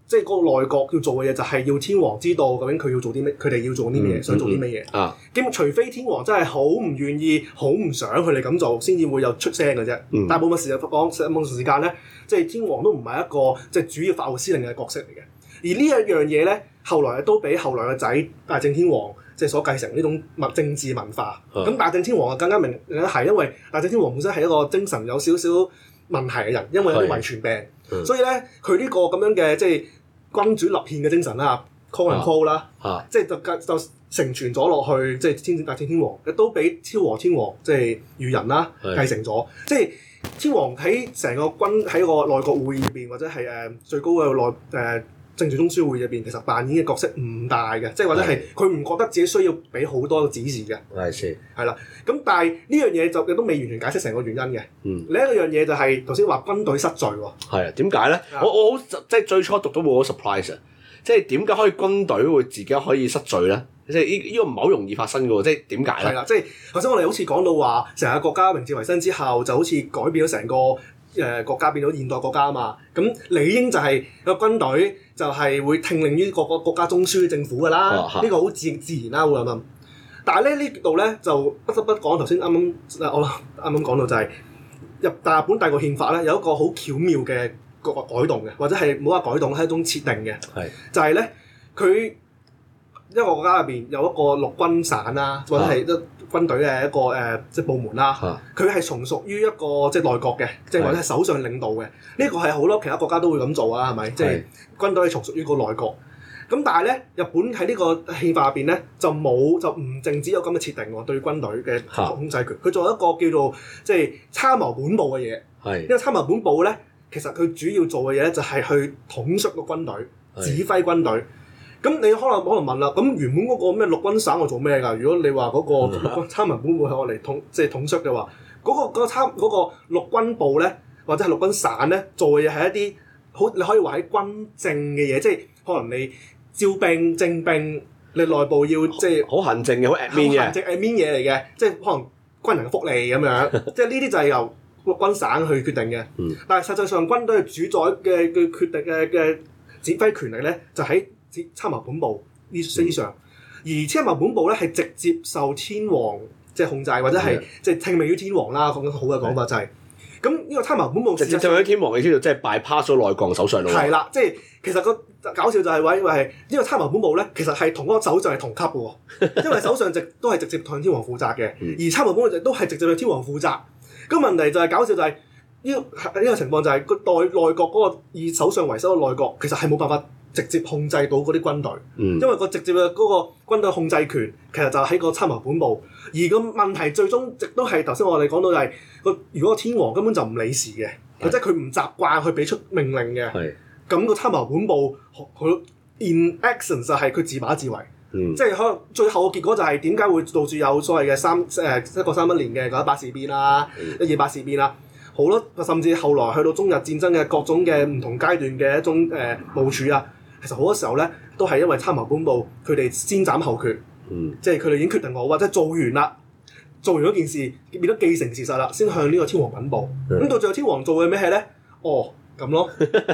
即係個內閣要做嘅嘢，就係要天皇知道究竟佢要做啲咩，佢哋、嗯、要做啲咩，嗯、想做啲咩嘢。咁除非天皇真係好唔願意、好唔想佢哋咁做，先至會有出聲嘅啫。大部分時間講，大部分時間咧，即係天皇都唔係一個即係主要發號司令嘅角色嚟嘅。而呢一樣嘢咧，後來都俾後來個仔啊，正天皇。即係所繼承呢種文政治文化，咁、嗯、大正天皇啊更加明，係因為大正天皇本身係一個精神有少少問題嘅人，因為有啲遺傳病，嗯、所以咧佢呢個咁樣嘅即係君主立憲嘅精神啦，call and call 啦、啊，即、啊、係就就，就，就，就承傳咗落去，即、就、係、是、天大正天皇，亦都俾昭和天皇，即係裕仁啦是繼承咗，即係是天皇喺成個君喺個內閣會議入面或者係誒最高嘅內誒。呃政治中書會入邊其實扮演嘅角色唔大嘅，即係或者係佢唔覺得自己需要俾好多指示嘅，係先係啦。咁但係呢樣嘢就亦都未完全解釋成個原因嘅。嗯、另一個樣嘢就係頭先話軍隊失序喎。係啊，點解咧？我我好即係最初讀到冇 surprise 啊！即係點解可以軍隊會自己可以失序咧？即係呢依個唔係好容易發生嘅喎，即係點解咧？係啦，即係頭先我哋好似講到話成個國家明治維新之後，就好似改變咗成個誒國家變到現代國家啊嘛。咁理應就係個軍隊。就係會聽令於各個國家中樞政府噶啦，呢、啊、個好自自然啦、啊，會諗。但係咧，呢度咧就不得不講，頭先啱啱我啱啱講到就係日日本大國憲法咧有一個好巧妙嘅改改動嘅，或者係冇話改動係一種設定嘅，是就係咧佢一個國家入邊有一個陸軍省啦、啊，啊、或者係一。軍隊嘅一個誒，即部門啦，佢係、啊、從屬於一個即係內閣嘅，是即係或者首相領導嘅。呢個係好多其他國家都會咁做啊，係咪？是即係軍隊係從屬於個內閣。咁但係咧，日本喺呢個憲法入邊咧，就冇就唔淨止有咁嘅設定喎，對軍隊嘅控制權。佢做、啊、一個叫做即係參謀本部嘅嘢。是因為參謀本部咧，其實佢主要做嘅嘢咧就係去統率個軍隊、指揮軍隊。咁你可能可能問啦，咁原本嗰個咩陸軍省係做咩㗎？如果你話嗰個陸軍參謀本部係我嚟統，即係統率嘅話，嗰個嗰個參嗰個陸軍部咧，或者係陸軍省咧，做嘅嘢係一啲好你可以話係軍政嘅嘢，即係可能你招兵徵兵，你內部要即係好行政嘅，好 admin、er、行政 admin 嘢嚟嘅，即係可能軍人嘅福利咁樣，即係呢啲就係由陸軍省去決定嘅。嗯、但係實際上軍隊係主宰嘅嘅決定嘅嘅指揮權力咧，就喺參謀本部呢上，而參謀本部咧係直接受天皇即係控制，或者係即係聽命於天皇啦。咁好嘅講法就係、是，咁呢的個參謀本部上直接聽命於天皇、就是，嘅，呢度即係拜趴咗內閣首相度。係啦，即係其實、嗰個搞笑就係話，因為係呢個參謀本部咧，其實係同嗰個首相係同級嘅，因為首相直都係直接向天皇負責嘅， 而參謀本部都係直接向天皇負責。咁、嗯、問題就係、是、搞笑就係、是、呢、呢個呢、呢個情況就係個內內閣嗰、嗰個以首相為首嘅內閣，其實係冇辦法，直接控制到嗰啲軍隊，嗯、因為個直接嘅嗰個軍隊控制權其實就喺個參謀本部。而個問題最終直都係頭先我哋講到就係個如果天皇根本就唔理事嘅，的即係佢唔習慣去俾出命令嘅。咁的、嗯、個參謀本部佢 in essence 就係佢自把自為，嗯、即係可能最後嘅結果就係點解會到處有所謂嘅三誒一、呃、個三一年嘅嗰啲八事變啦、啊，的一二八事變啦、啊，好囉甚至後來去到中日戰爭嘅各種嘅唔同階段嘅一種誒部署啊。呃嗯嗯嗯嗯嗯嗯嗯其實好多時候咧，都係因為參謀本部佢哋先斬後決，嗯、即係佢哋已經決定好，或者做完啦，做完嗰件事變咗既成事實啦，先向呢個天皇禀報。咁到、嗯、最後天皇做嘅咩係咧？哦，咁咯，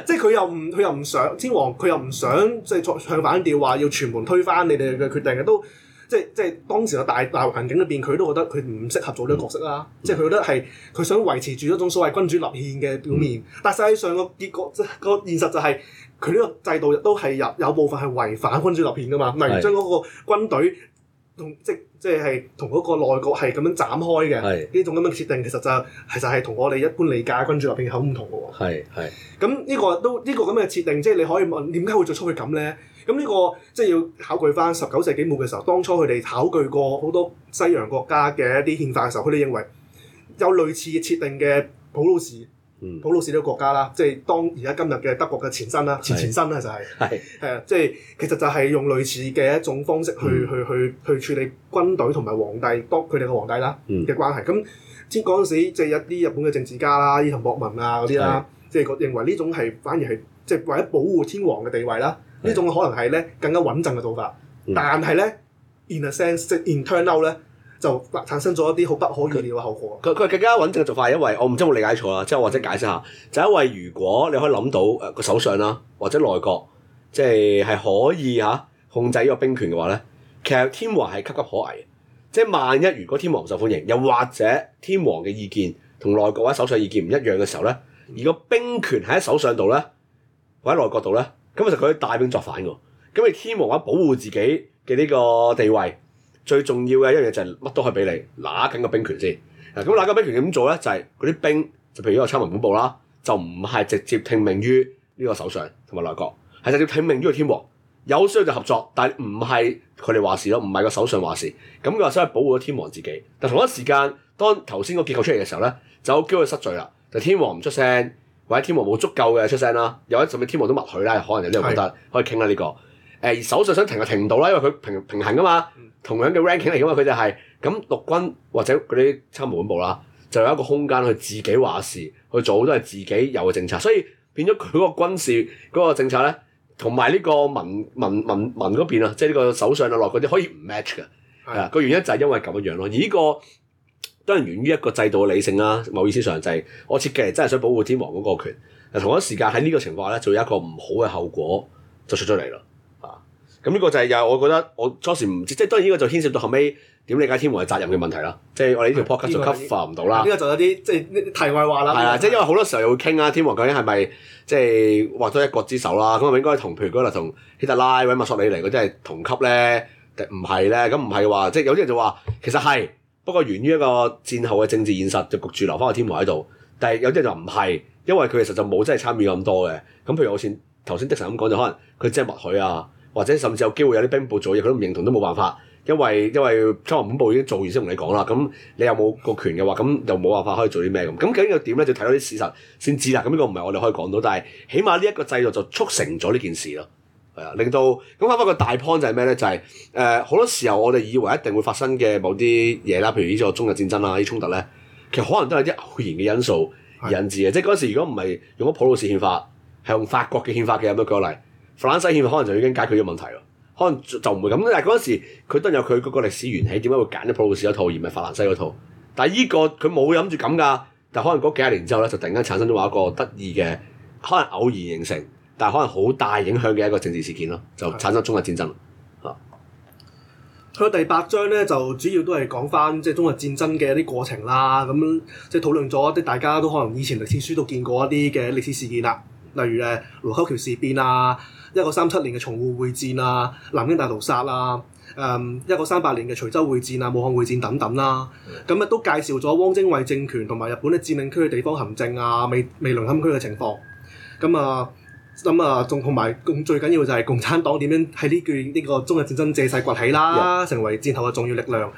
即係佢又唔佢又唔想天皇，佢又唔想即係唱反調話要全盤推翻你哋嘅決定嘅，都即係即係當時嘅大大環境裏邊，佢都覺得佢唔適合做呢個角色啦。嗯、即係佢覺得係佢想維持住一種所謂君主立憲嘅表面，嗯、但實際上個結果，即、嗰個現實就係、是。佢呢個制度都係有有部分係違反君主立憲噶嘛，例如將嗰個軍隊同即即係同嗰個內閣係咁樣斬開嘅呢是種咁嘅設定其、係，其實就其實係同我哋一般理解君主立憲好唔同嘅喎。係咁呢個都呢、呢個咁嘅設定，即、就、係、係、你可以問點解會做出去咁呢？咁呢、呢個即係、就係、要考據翻十九世紀末嘅時候，當初佢哋考據過好多西洋國家嘅一啲憲法嘅時候，佢哋認為有類似設定嘅普魯士。普魯士呢個國家啦，即係當而家今日嘅德國嘅前身啦，的前前身啦就係，係啊，即係其實就係用類似嘅一種方式去的去去去處理軍隊同埋皇帝，當佢哋嘅皇帝啦嘅關係。咁先嗰陣時，即係一啲日本嘅政治家啦，伊藤博文啊嗰啲啦，即係覺認為呢種係反而係即係為咗保護天皇嘅地位啦，呢種的可能係咧更加穩陣嘅做法。但係咧，in a sense 即係 internal 咧。就產生咗一啲好不可預料嘅後果。佢佢更加穩健嘅做法係，因為我唔知我理解錯啦，即係或者解釋下，就係、因為如果你可以諗到誒個首相啦，或者內閣即係係可以嚇、啊、控制呢個兵權嘅話咧，其實天皇係岌岌可危嘅。即、就、係、是、萬一如果天皇唔受歡迎，又或者天皇嘅意見同內閣或者首相意見唔一樣嘅時候咧，而個兵權喺首相度咧，或者內閣度咧，咁其實佢可以帶兵作反㗎。咁而天皇嘅保護自己嘅呢個地位。最重要嘅一樣嘢就係乜都可以俾你，拿緊個兵權先。咁、啊、拿緊兵權點做呢？就係嗰啲兵就譬如我參謀本部啦，就唔係直接聽命於呢個首相同埋內閣，係直接聽命於個天皇。有需要就合作，但唔係佢哋話事咯，唔係個首相話事。咁佢話想保護咗天皇自己，但同一時間，當頭先個結構出嚟嘅時候呢，就有機會失序啦。就是、天皇唔出聲，或者天皇冇足夠嘅出聲啦。有啲甚至天皇都默許啦，可能有啲人覺得的可以傾下呢、這個。誒，而首相想停就停唔到啦，因為佢平平衡噶嘛，嗯、同樣嘅 ranking 嚟噶嘛，佢就係、係、咁陸軍或者嗰啲參謀本部啦，就有一個空間去自己話事，去做都多係自己有嘅政策，所以變咗佢嗰個軍事嗰、嗰個政策咧，同埋呢個民民民民嗰邊啊，即係呢個首相落落嗰啲可以唔 match 嘅，個是的 原因就係因為咁樣咯。而呢、呢個當然源於一個制度嘅理性啦、啊，某意思上就係我設計真係想保護天皇嗰個權，同一個時間喺呢個情況下咧，就有一個唔好嘅後果就出咗嚟咯。咁呢個就係又，我覺得我初時唔知，即係當然，呢個就牽涉到後尾點理解天皇嘅責任嘅問題啦。即係我哋呢條 podcast 就 cover 唔到啦。呢個就有啲即係啲題外話啦。係啊，即係因為好多時候又會傾啊，天皇究竟係咪即係握咗一國之首啦？咁我咪應該同譬如嗰陣同希特拉或者墨索里尼嗰啲係同級咧？定唔係咧？咁唔係嘅話，即係有啲人就話其實係，不過源於一個戰後嘅政治現實，就焗住留翻個天皇喺度。但係有啲人就唔係，因為佢其實就冇真係參與咁多嘅。咁譬如我先頭先迪臣咁講就可能佢真係默許啊。或者甚至有機會有啲兵部做嘢，佢都唔認同，都冇辦法，因為因為初級部已經做完先同你講啦。咁你又冇個權嘅話，咁又冇辦法可以做啲咩咁。咁究竟又點咧？就睇到啲事實先知啦。咁呢個唔係我哋可以講到，但係起碼呢一個制度就促成咗呢件事咯。係啊，令到咁翻翻個大 point 就係咩咧？就係誒好多時候我哋以為一定會發生嘅某啲嘢啦，譬如呢個中日戰爭啦、啊，呢啲衝突咧，其實可能都係啲偶然嘅因素引致嘅。是的 即係嗰時如果唔係用咗普魯士憲法係用法國嘅憲法嘅有嘅舉個例。法蘭西憲法可能就已經解決咗呢個問題喎，可能就唔會咁。但係嗰陣時，佢都有佢嗰個歷史緣起，點解會揀咗普魯士嗰套而唔係法蘭西嗰套？但係、這、呢個佢冇諗住咁㗎。但係可能嗰幾十年之後咧，就突然間產生咗一個得意嘅，可能偶然形成，但係可能好大影響嘅一個政治事件咯，就產生中日戰爭啦。嚇的！啊、第八章咧，就主要都係講翻即係中日戰爭嘅一啲過程啦，咁即係討論咗即係大家都可能以前歷史書都見過一啲嘅歷史事件啦。例如誒盧溝橋事變啊，一九三七年嘅淞滬會戰啊，南京大屠殺啊，誒一九三八年嘅徐州會戰啊，武漢會戰等等啦。咁啊都介紹咗汪精衛政權同埋日本嘅佔領區嘅地方行政啊，未未淪陷區嘅情況。咁啊咁啊，仲同埋共最緊要就係共產黨點樣喺呢段呢、呢個中日戰爭借勢崛起啦，成為戰後嘅重要力量。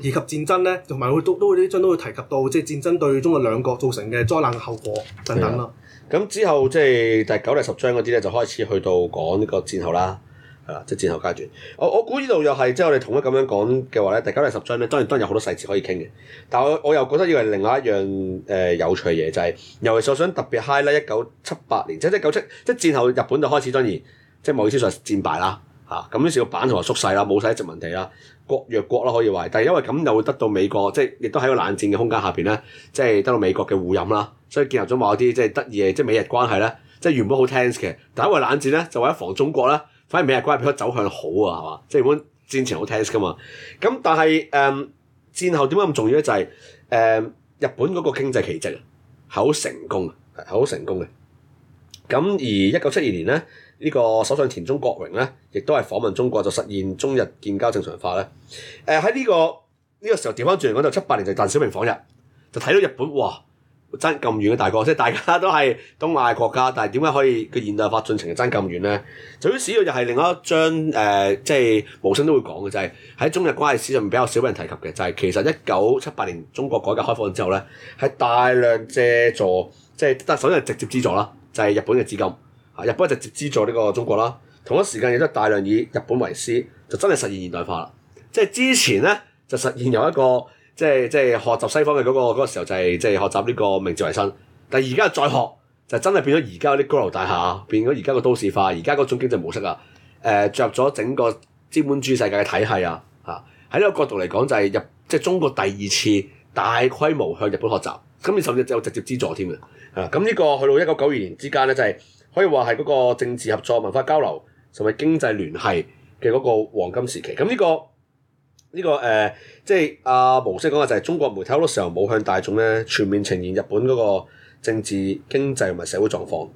以及對戰爭咧，同埋佢都都會呢都會提及到即係戰爭對中日兩國造成嘅災難嘅後果等等咯。啦咁之後即係第九、第十章嗰啲咧，就開始去到講呢個戰後啦，係啦，即係戰後階段。我我估呢度又係即係我哋同一咁樣講嘅話咧，第九、第十章咧，當然當然有好多細節可以傾嘅。但係我我又覺得要係另外一樣誒、呃、有趣嘅嘢、就係，就係尤其是我想特別 high 咧，一九七八年，即係九七即係戰後日本就開始當然即係某意思上戰敗啦，嚇咁於是個版圖縮細啦，冇晒殖民地啦。國弱國啦，可以話，但係因為咁又會得到美國，即係亦都喺個冷戰嘅空間下邊咧，即係得到美國嘅護蔭啦，所以建立咗某啲即係得意嘅即係美日關係咧，即係原本好 tense 嘅，但係因為冷戰咧就為咗防中國啦，反而美日關係變咗走向好啊，係嘛？即係原本戰前好 tense 噶嘛，咁但係誒、呃、戰後點解咁重要咧？就係、是、誒、呃、日本嗰個經濟奇蹟啊，係好成功啊，係好成功嘅。咁而一九七二年咧。呢個首相田中角榮咧，亦都係訪問中國，就實現中日建交正常化咧。誒、呃，喺呢、這個呢、這個時候調翻轉嚟講，就是、七八年就鄧小平訪日，就睇到日本哇爭咁遠嘅大國，即係大家都係東亞國家，但係點解可以個現代化進程爭咁遠咧？最主要就係另一章誒、呃，即係毛升都會講嘅，就係、是、喺中日關係史上比較少人提及嘅，就係、是、其實一九七八年中國改革開放之後咧，係大量借助即係、就是、但首先係直接資助啦，就係、是、日本嘅資金。日本就直接資助呢個中國啦，同一時間亦都大量以日本為師，就真係實現現代化啦。即係之前咧就實現由一個即係即係學習西方嘅嗰、嗰個嗰、嗰個、時候，就係即係學習呢個明治維新。但係而家再學，就真係變咗而家嗰啲高樓大廈，變咗而家個都市化，而家嗰種經濟模式啊，誒、呃，進入咗整個資本主義世界嘅體系啊！嚇，喺呢個角度嚟講就，就係日即係中國第二次大規模向日本學習，咁你甚至就有直接資助添嘅。啊，咁呢個去到一九九二年之間咧，就係、是。可以話係嗰個政治合作、文化交流同埋經濟聯繫嘅嗰個黃金時期。咁呢、這個呢、這個誒、呃，即係阿毛升講嘅就係中國媒體好多時候冇向大眾咧全面呈現日本嗰個政治、經濟同埋社會狀況，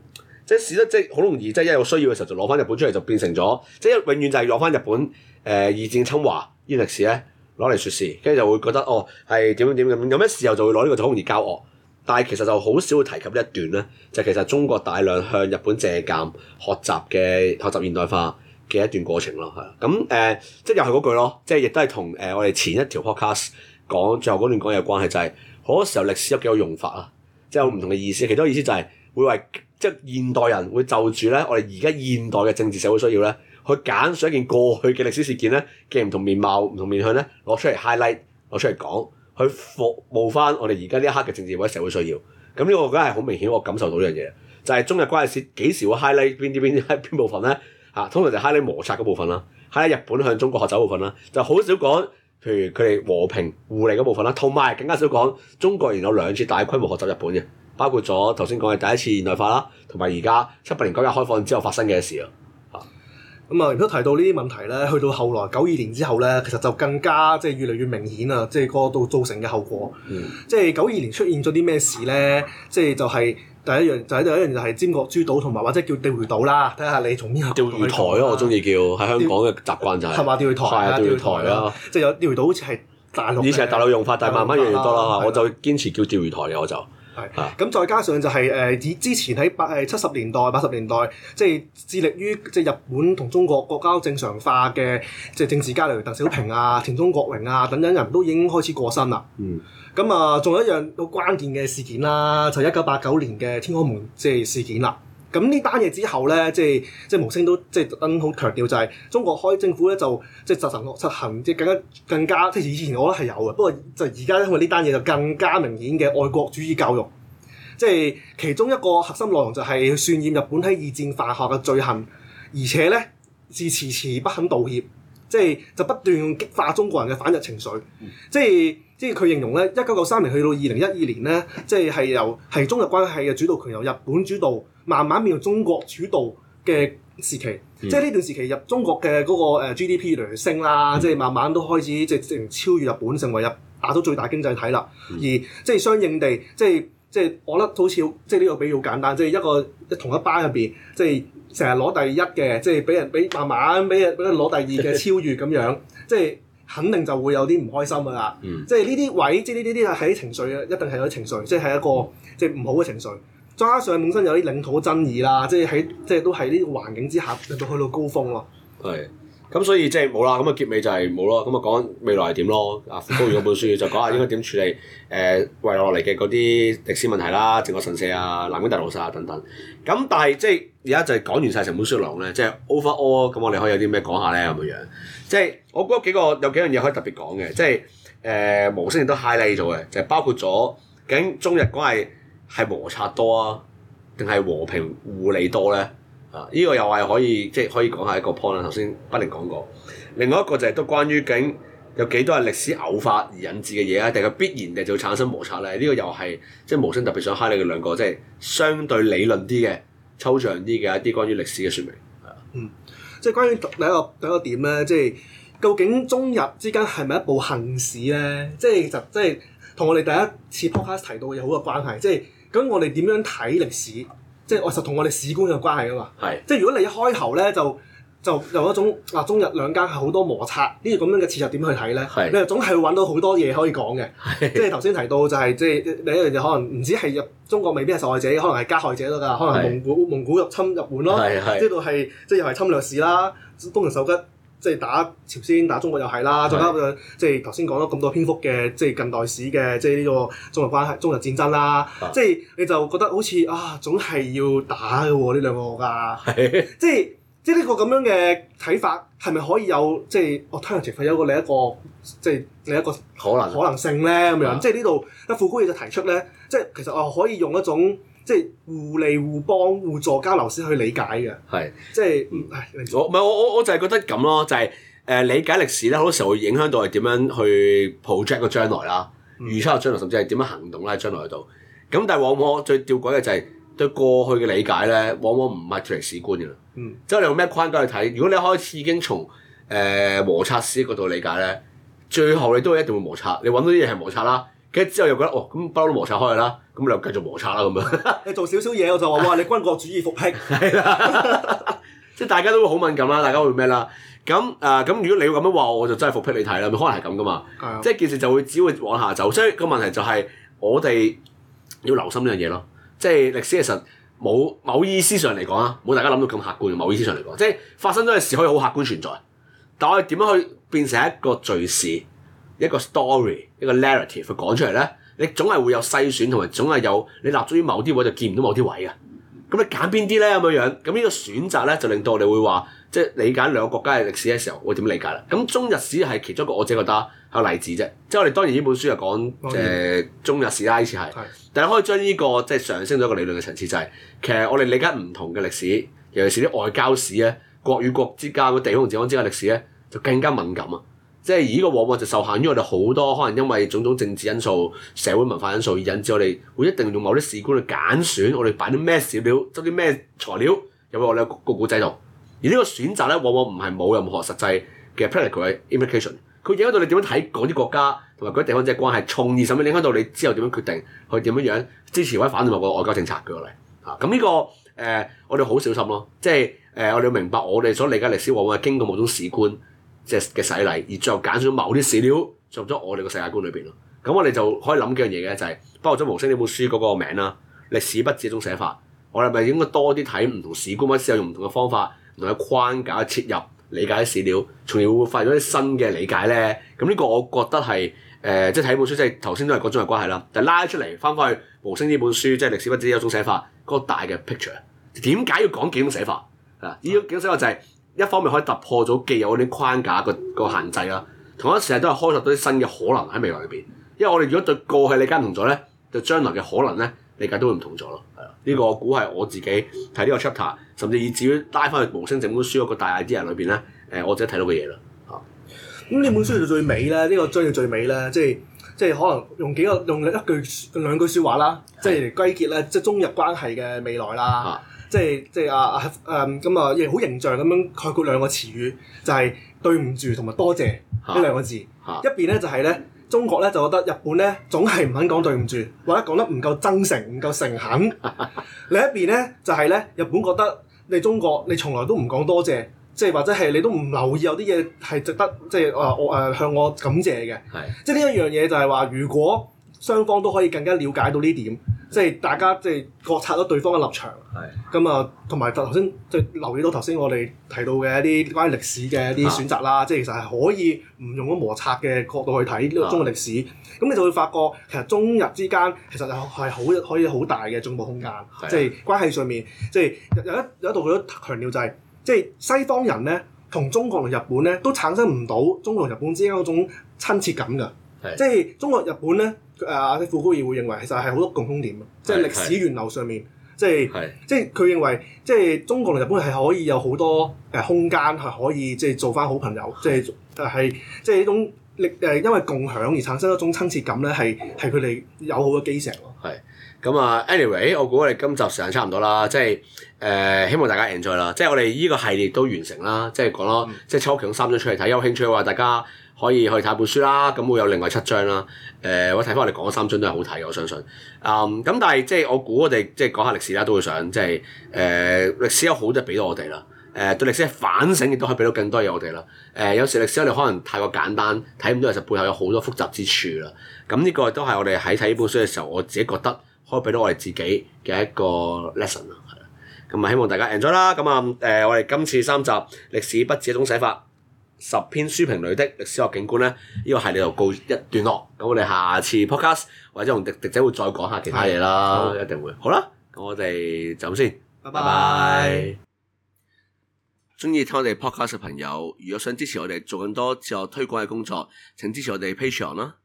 即係使得即係好容易即係一有需要嘅時候就攞翻日本出嚟就變成咗，即係永遠就係攞翻日本誒、呃、二戰侵華呢歷史咧攞嚟説事，跟住就會覺得哦係點樣點咁，有咩時候就會攞呢個就好容易交惡。但係其實就好少會提及一段咧，就係、其實中國大量向日本借鑑學習嘅學習現代化嘅一段過程咯，係。咁誒、呃，即係又係嗰句咯，即係亦都係同誒我哋前一條 podcast 講最後嗰段講嘢有關係、就係，就係好多時候歷史有幾個用法啊，即係有唔同嘅意思。其中意思就係、係、會為即係現代人會就住咧我哋而家現代嘅政治社會需要咧，去揀上一件過去嘅歷史事件咧嘅唔同面貌、唔同面向咧攞出嚟 highlight，攞出嚟講。去服務翻我哋而家呢一刻嘅政治或者社會需要，咁呢個梗係好明顯，我感受到一樣嘢，就係、是、中日關係史幾時會 highlight 邊啲邊啲邊部分咧？嚇，通常就 highlight 摩擦嗰部分啦，highlight 日本向中國學習嗰部分啦，就好少講，譬如佢哋和平互利嗰部分啦，同埋更加少講中國仍有兩次大規模學習日本嘅，包括咗頭先講嘅第一次現代化啦，同埋而家七八年改革開放之後發生嘅事啊。咁啊，如果提到呢啲問題咧，去到後來九二年之後咧，其實就更加即係越嚟越明顯啊！即係嗰度造成嘅後果，即係九二年出現咗啲咩事咧？即係就係第一樣，就係第一樣就係尖閣諸島同埋或者叫釣魚島啦。睇下你從邊入？釣魚台咯，我中意叫喺香港嘅習慣就係。係嘛釣魚台？係釣魚台啦。即係有釣魚島，好似係大陸。以前係大陸用法，但係慢慢越嚟越多啦。我就堅持叫釣魚台嘅，我就。咁再加上就係誒以之前喺八誒七十年代、八十年代，即係致力於即係日本同中國國交正常化嘅即係政治家，例如鄧小平啊、田中角榮啊等等人都已經開始過身啦。咁啊、嗯，仲有一樣好關鍵嘅事件啦，就一九八九年嘅天安門即係事件啦。咁呢單嘢之後咧，即係即係無聲都即係特登好強調，就係中國開政府咧就即係執行落執行，即係更加更加即係以前我覺得係有嘅，不過就而家因為呢單嘢就更加明顯嘅愛國主義教育，即係其中一個核心內容就係要宣揚日本喺二戰犯下嘅罪行，而且咧是遲遲不肯道歉，即係就不斷激化中國人嘅反日情緒，即係。即係佢形容咧，一九九三年去到二零一二年咧，即係係由係中日關係嘅主導權由日本主導，慢慢變到中國主導嘅時期。即係呢段時期，入中國嘅嗰個 GDP 量升啦，即係慢慢都開始即係即超越日本，成為日亞洲最大經濟體啦。而即係相應地，即係即係我覺得好似即係呢個比較簡單，即係一個同一班入邊，即係成日攞第一嘅，即係俾人俾慢慢俾人俾人攞第二嘅，超越咁樣，即係。肯定就會有啲唔開心噶啦、嗯，即係呢啲位，即係呢啲啲係喺情緒啊，一定係有啲情緒，即係係一個即係唔好嘅情緒。再加上本身有啲領土爭議啦，即係喺即係都喺呢個環境之下，令到去到高峰咯。係，咁所以即係冇啦，咁、那、啊、個、結尾就係冇咯，咁啊講未來係點咯？啊傅高義嗰本書就講下應該點處理誒遺落嚟嘅嗰啲歷史問題啦，整個神社啊、南京大屠殺啊等等。咁但係即係而家就係講完晒成本書啦咧，即係 overall，咁我哋可以有啲咩講下咧咁嘅樣？即係我估幾個有幾樣嘢可以特別講嘅，即係誒毛升亦都 highlight 咗嘅，就係、是、包括咗究竟中日關係係摩擦多啊，定係和平互利多咧？啊，依、這個又係可以即係可以講下一個 point 啦。頭先不寧講過，另外一個就係都關於緊。有幾多係歷史偶發而引致嘅嘢啊？定係佢必然地就產生摩擦咧？呢個又係即係無聲特別想 hi 你哋兩個，即係相對理論啲嘅、抽象啲嘅一啲關於歷史嘅説明，係啊。嗯，即係關於第一個第一個點咧，即係究竟中日之間係咪一部幸史咧？即係其實即係同我哋第一次 podcast 提到有好嘅關係。即係咁，我哋點樣睇歷史？即係我實同我哋史觀有關係噶嘛？係的。即係如果你一開頭咧就。就有一種啊，中日兩間係好多摩擦呢，呢個咁樣嘅切入點去睇咧，你又總係揾到好多嘢可以講嘅。即係頭先提到就係即係第一樣就係可能唔止係入中國未必係受害者，可能係加害者得㗎。可能蒙古是 蒙古入侵日本咯，知道係即係又係侵略史啦。是是 豐臣秀吉即係打朝鮮，打中國又係啦。是 再加即係頭先講咗咁多篇幅嘅即係近代史嘅即係呢個中日關係、中日戰爭啦。即係你就覺得好似啊，總係要打㗎喎呢兩個國家，即係。即呢個咁樣嘅睇法，係咪可以有即係我推論情況有個另一個即係另一個可能可能性咧咁的樣？即係呢度一副富貴就提出咧，即係其實我可以用一種即係互利互幫、互助交流先去理解嘅。係是即係我唔係我我我就係覺得咁咯，就係、是、誒、呃、理解歷史咧，好多時候會影響到係點樣去 project 個將來啦、預測個將來，甚至係點樣行動啦喺將來度。咁但係往，往往最吊詭嘅就係對過去嘅理解咧，往往唔係脫歷史觀嘅啦。嗯，即係你用咩框架去睇？如果你一開始已經從誒摩、呃、擦史嗰度理解咧，最後你都一定會摩擦。你揾到啲嘢係摩擦啦，跟住之後又覺得哦，咁不嬲都摩擦開擦啦，咁你又繼續摩擦啦咁樣。 你做少少嘢我就話哇，你軍國主義復辟，係 啦， 即係大家都會好敏感啦，大家會咩啦？咁誒咁，呃、如果你要咁樣話，我就真係復辟你睇啦，咪可能係咁噶嘛？對啊、即係件事就會只會往下走。所以個問題就係我哋要留心呢樣嘢咯。即係歷史嘅實。冇某意思上嚟講啊，冇大家諗到咁客觀。某意思上嚟講，即係發生咗嘅事可以好客觀存在，但我哋點樣去變成一個敘事、一個 story、一個 narrative 去講出嚟咧，你總係會有篩選，同埋總係有你立足於某啲位就見唔到某啲位啊。咁你揀邊啲咧咁樣樣？咁呢個選擇咧就令到我哋會話，即係理解兩個國家嘅歷史嘅時候會點理解啦。咁中日史係其中一個，我自己覺得係個例子啫。即係我哋當然呢本書就講誒然、呃、中日史啦，呢次係。但係可以將呢、這個即係上升咗一個理論嘅層次，就係、是、其實我哋理解唔同嘅歷史，尤其是啲外交史咧，國與國之間、地，地方同治安之間嘅歷史咧，就更加敏感啊！即係而呢個往往就受限於我哋好多可能因為種種政治因素、社會文化因素而引致我哋會一定用某啲事觀去揀選，我哋擺啲咩史料、執啲咩材料入去我哋個古仔度。而呢個選擇咧，往往唔係冇任何實際嘅 practical implication，佢影響到你點樣睇啲國家。同埋嗰啲地方即係關係，從而甚至影響到你之後點樣決定去點樣樣支持或者反對某個外交政策嘅嚟。嚇、啊，咁呢、這個誒、呃，我哋好小心咯。即係誒、呃，我哋明白我哋所理解歷史往往係經過某種史觀即係嘅洗禮，而最後揀選某啲史料入咗我哋個世界觀裏邊咯。咁、啊、我哋就可以諗幾樣嘢嘅，就係、是、包括咗毛升呢本書嗰個名啦，歷史不止一種寫法。我哋咪應該多啲睇唔同史觀，或者使用唔同嘅方法同埋框架切入理解啲史料，從而會會發現咗啲新嘅理解咧。咁呢個我覺得係。誒、呃，即係睇本書，即係頭先都係講中日關係啦。但係拉出嚟翻返去無聲呢本書，即係歷史不止一種寫法，嗰、那個大嘅 picture，點解要講幾種寫法啊？呢種幾種寫法就係、是、一方面可以突破咗既有啲框架個個限制啦。同時一時係都係開拓到啲新嘅可能喺未來裏邊。因為我哋如果對過去理解唔同咗咧，對將來嘅可能咧理解都會唔同咗咯。係啦的，呢個估係我自己睇呢個 chapter，甚至以至於拉翻去無聲整本書嗰個大 idea 裏邊咧，誒、呃，我自己睇到嘅嘢啦。咁呢本書到最尾咧，這個、美呢個章嘅最尾咧，即係即係可能用幾個用一句兩句說話啦，即係嚟歸結咧，即係中日關係嘅未來啦。即係即係啊啊誒咁啊，亦好、啊啊、形象咁樣概括兩個詞語，就係、是、對唔住同埋多謝呢、啊、兩個字。啊、一邊咧就係、是、咧，中國咧就覺得日本咧總係唔肯講對唔住，或者講得唔夠真誠、唔夠誠懇。啊、另一邊咧就係、是、咧，日本覺得你中國你從來都唔講多謝。即係或者係你都唔留意有啲嘢係值得，即係啊我誒向我感謝嘅。係。即係呢一樣嘢就係話，如果雙方都可以更加了解到呢點，即係大家即係覺察到對方嘅立場。係是的。咁啊，同埋頭先即係留意到頭先我哋提到嘅一啲關於歷史嘅啲選擇啦，uh. 即係其實係可以唔用咗摩擦嘅角度去睇呢個中國歷史。咁、uh. 你就會發覺，其實中日之間其實係好可以好大嘅進步空間。的即係關係上面，即係有一有一度佢都強調就係、是。就是即係西方人咧，同中國同日本咧，都產生唔到中國同日本之間嗰種親切感㗎。是即係中國日本咧，阿、呃、傅高義會認為其實係好多共通點，是即係歷史源流上面，是即係是即係佢認為，即係中國同日本係可以有好多誒空間，係可以即係做翻好朋友，即係係即係一種力誒，因為共享而產生一種親切感咧，係係佢哋有好多基石。是咁啊，anyway，我估我哋今集時間差唔多啦，即係誒希望大家 enjoy 啦，即係我哋呢個系列都完成啦，即係講咯，嗯、即係抽其中三張出嚟睇，有興趣嘅話大家可以去睇本書啦。咁會有另外七張啦，誒、呃，我睇翻我哋講三張都係好睇嘅，我相信。嗯，咁但係即係我估我哋即係講下歷史啦，都會想即係誒、呃、歷史有好多俾到我哋啦，誒、呃、對歷史反省亦都可以俾到更多嘢我哋啦。誒、呃、有時歷史我哋可能太過簡單，睇唔到其實背後有好多複雜之處啦。咁呢個都係我哋喺睇呢本書嘅時候，我自己覺得，可以俾到我哋自己嘅一個 lesson 啦，係啦，咁啊希望大家 enjoy 啦，咁啊誒，我哋今次三集歷史不止一種寫法，十篇書評裏的歷史學景觀咧，呢、呢個系列度告一段落。咁我哋下次 podcast 或者同迪迪仔會再講下其他嘢啦，的一定會，好啦，咁我哋就先，拜拜。中意聽我哋 podcast 嘅朋友，如果想支持我哋做更多哲學推廣嘅工作，請支持我哋 patreon 啦。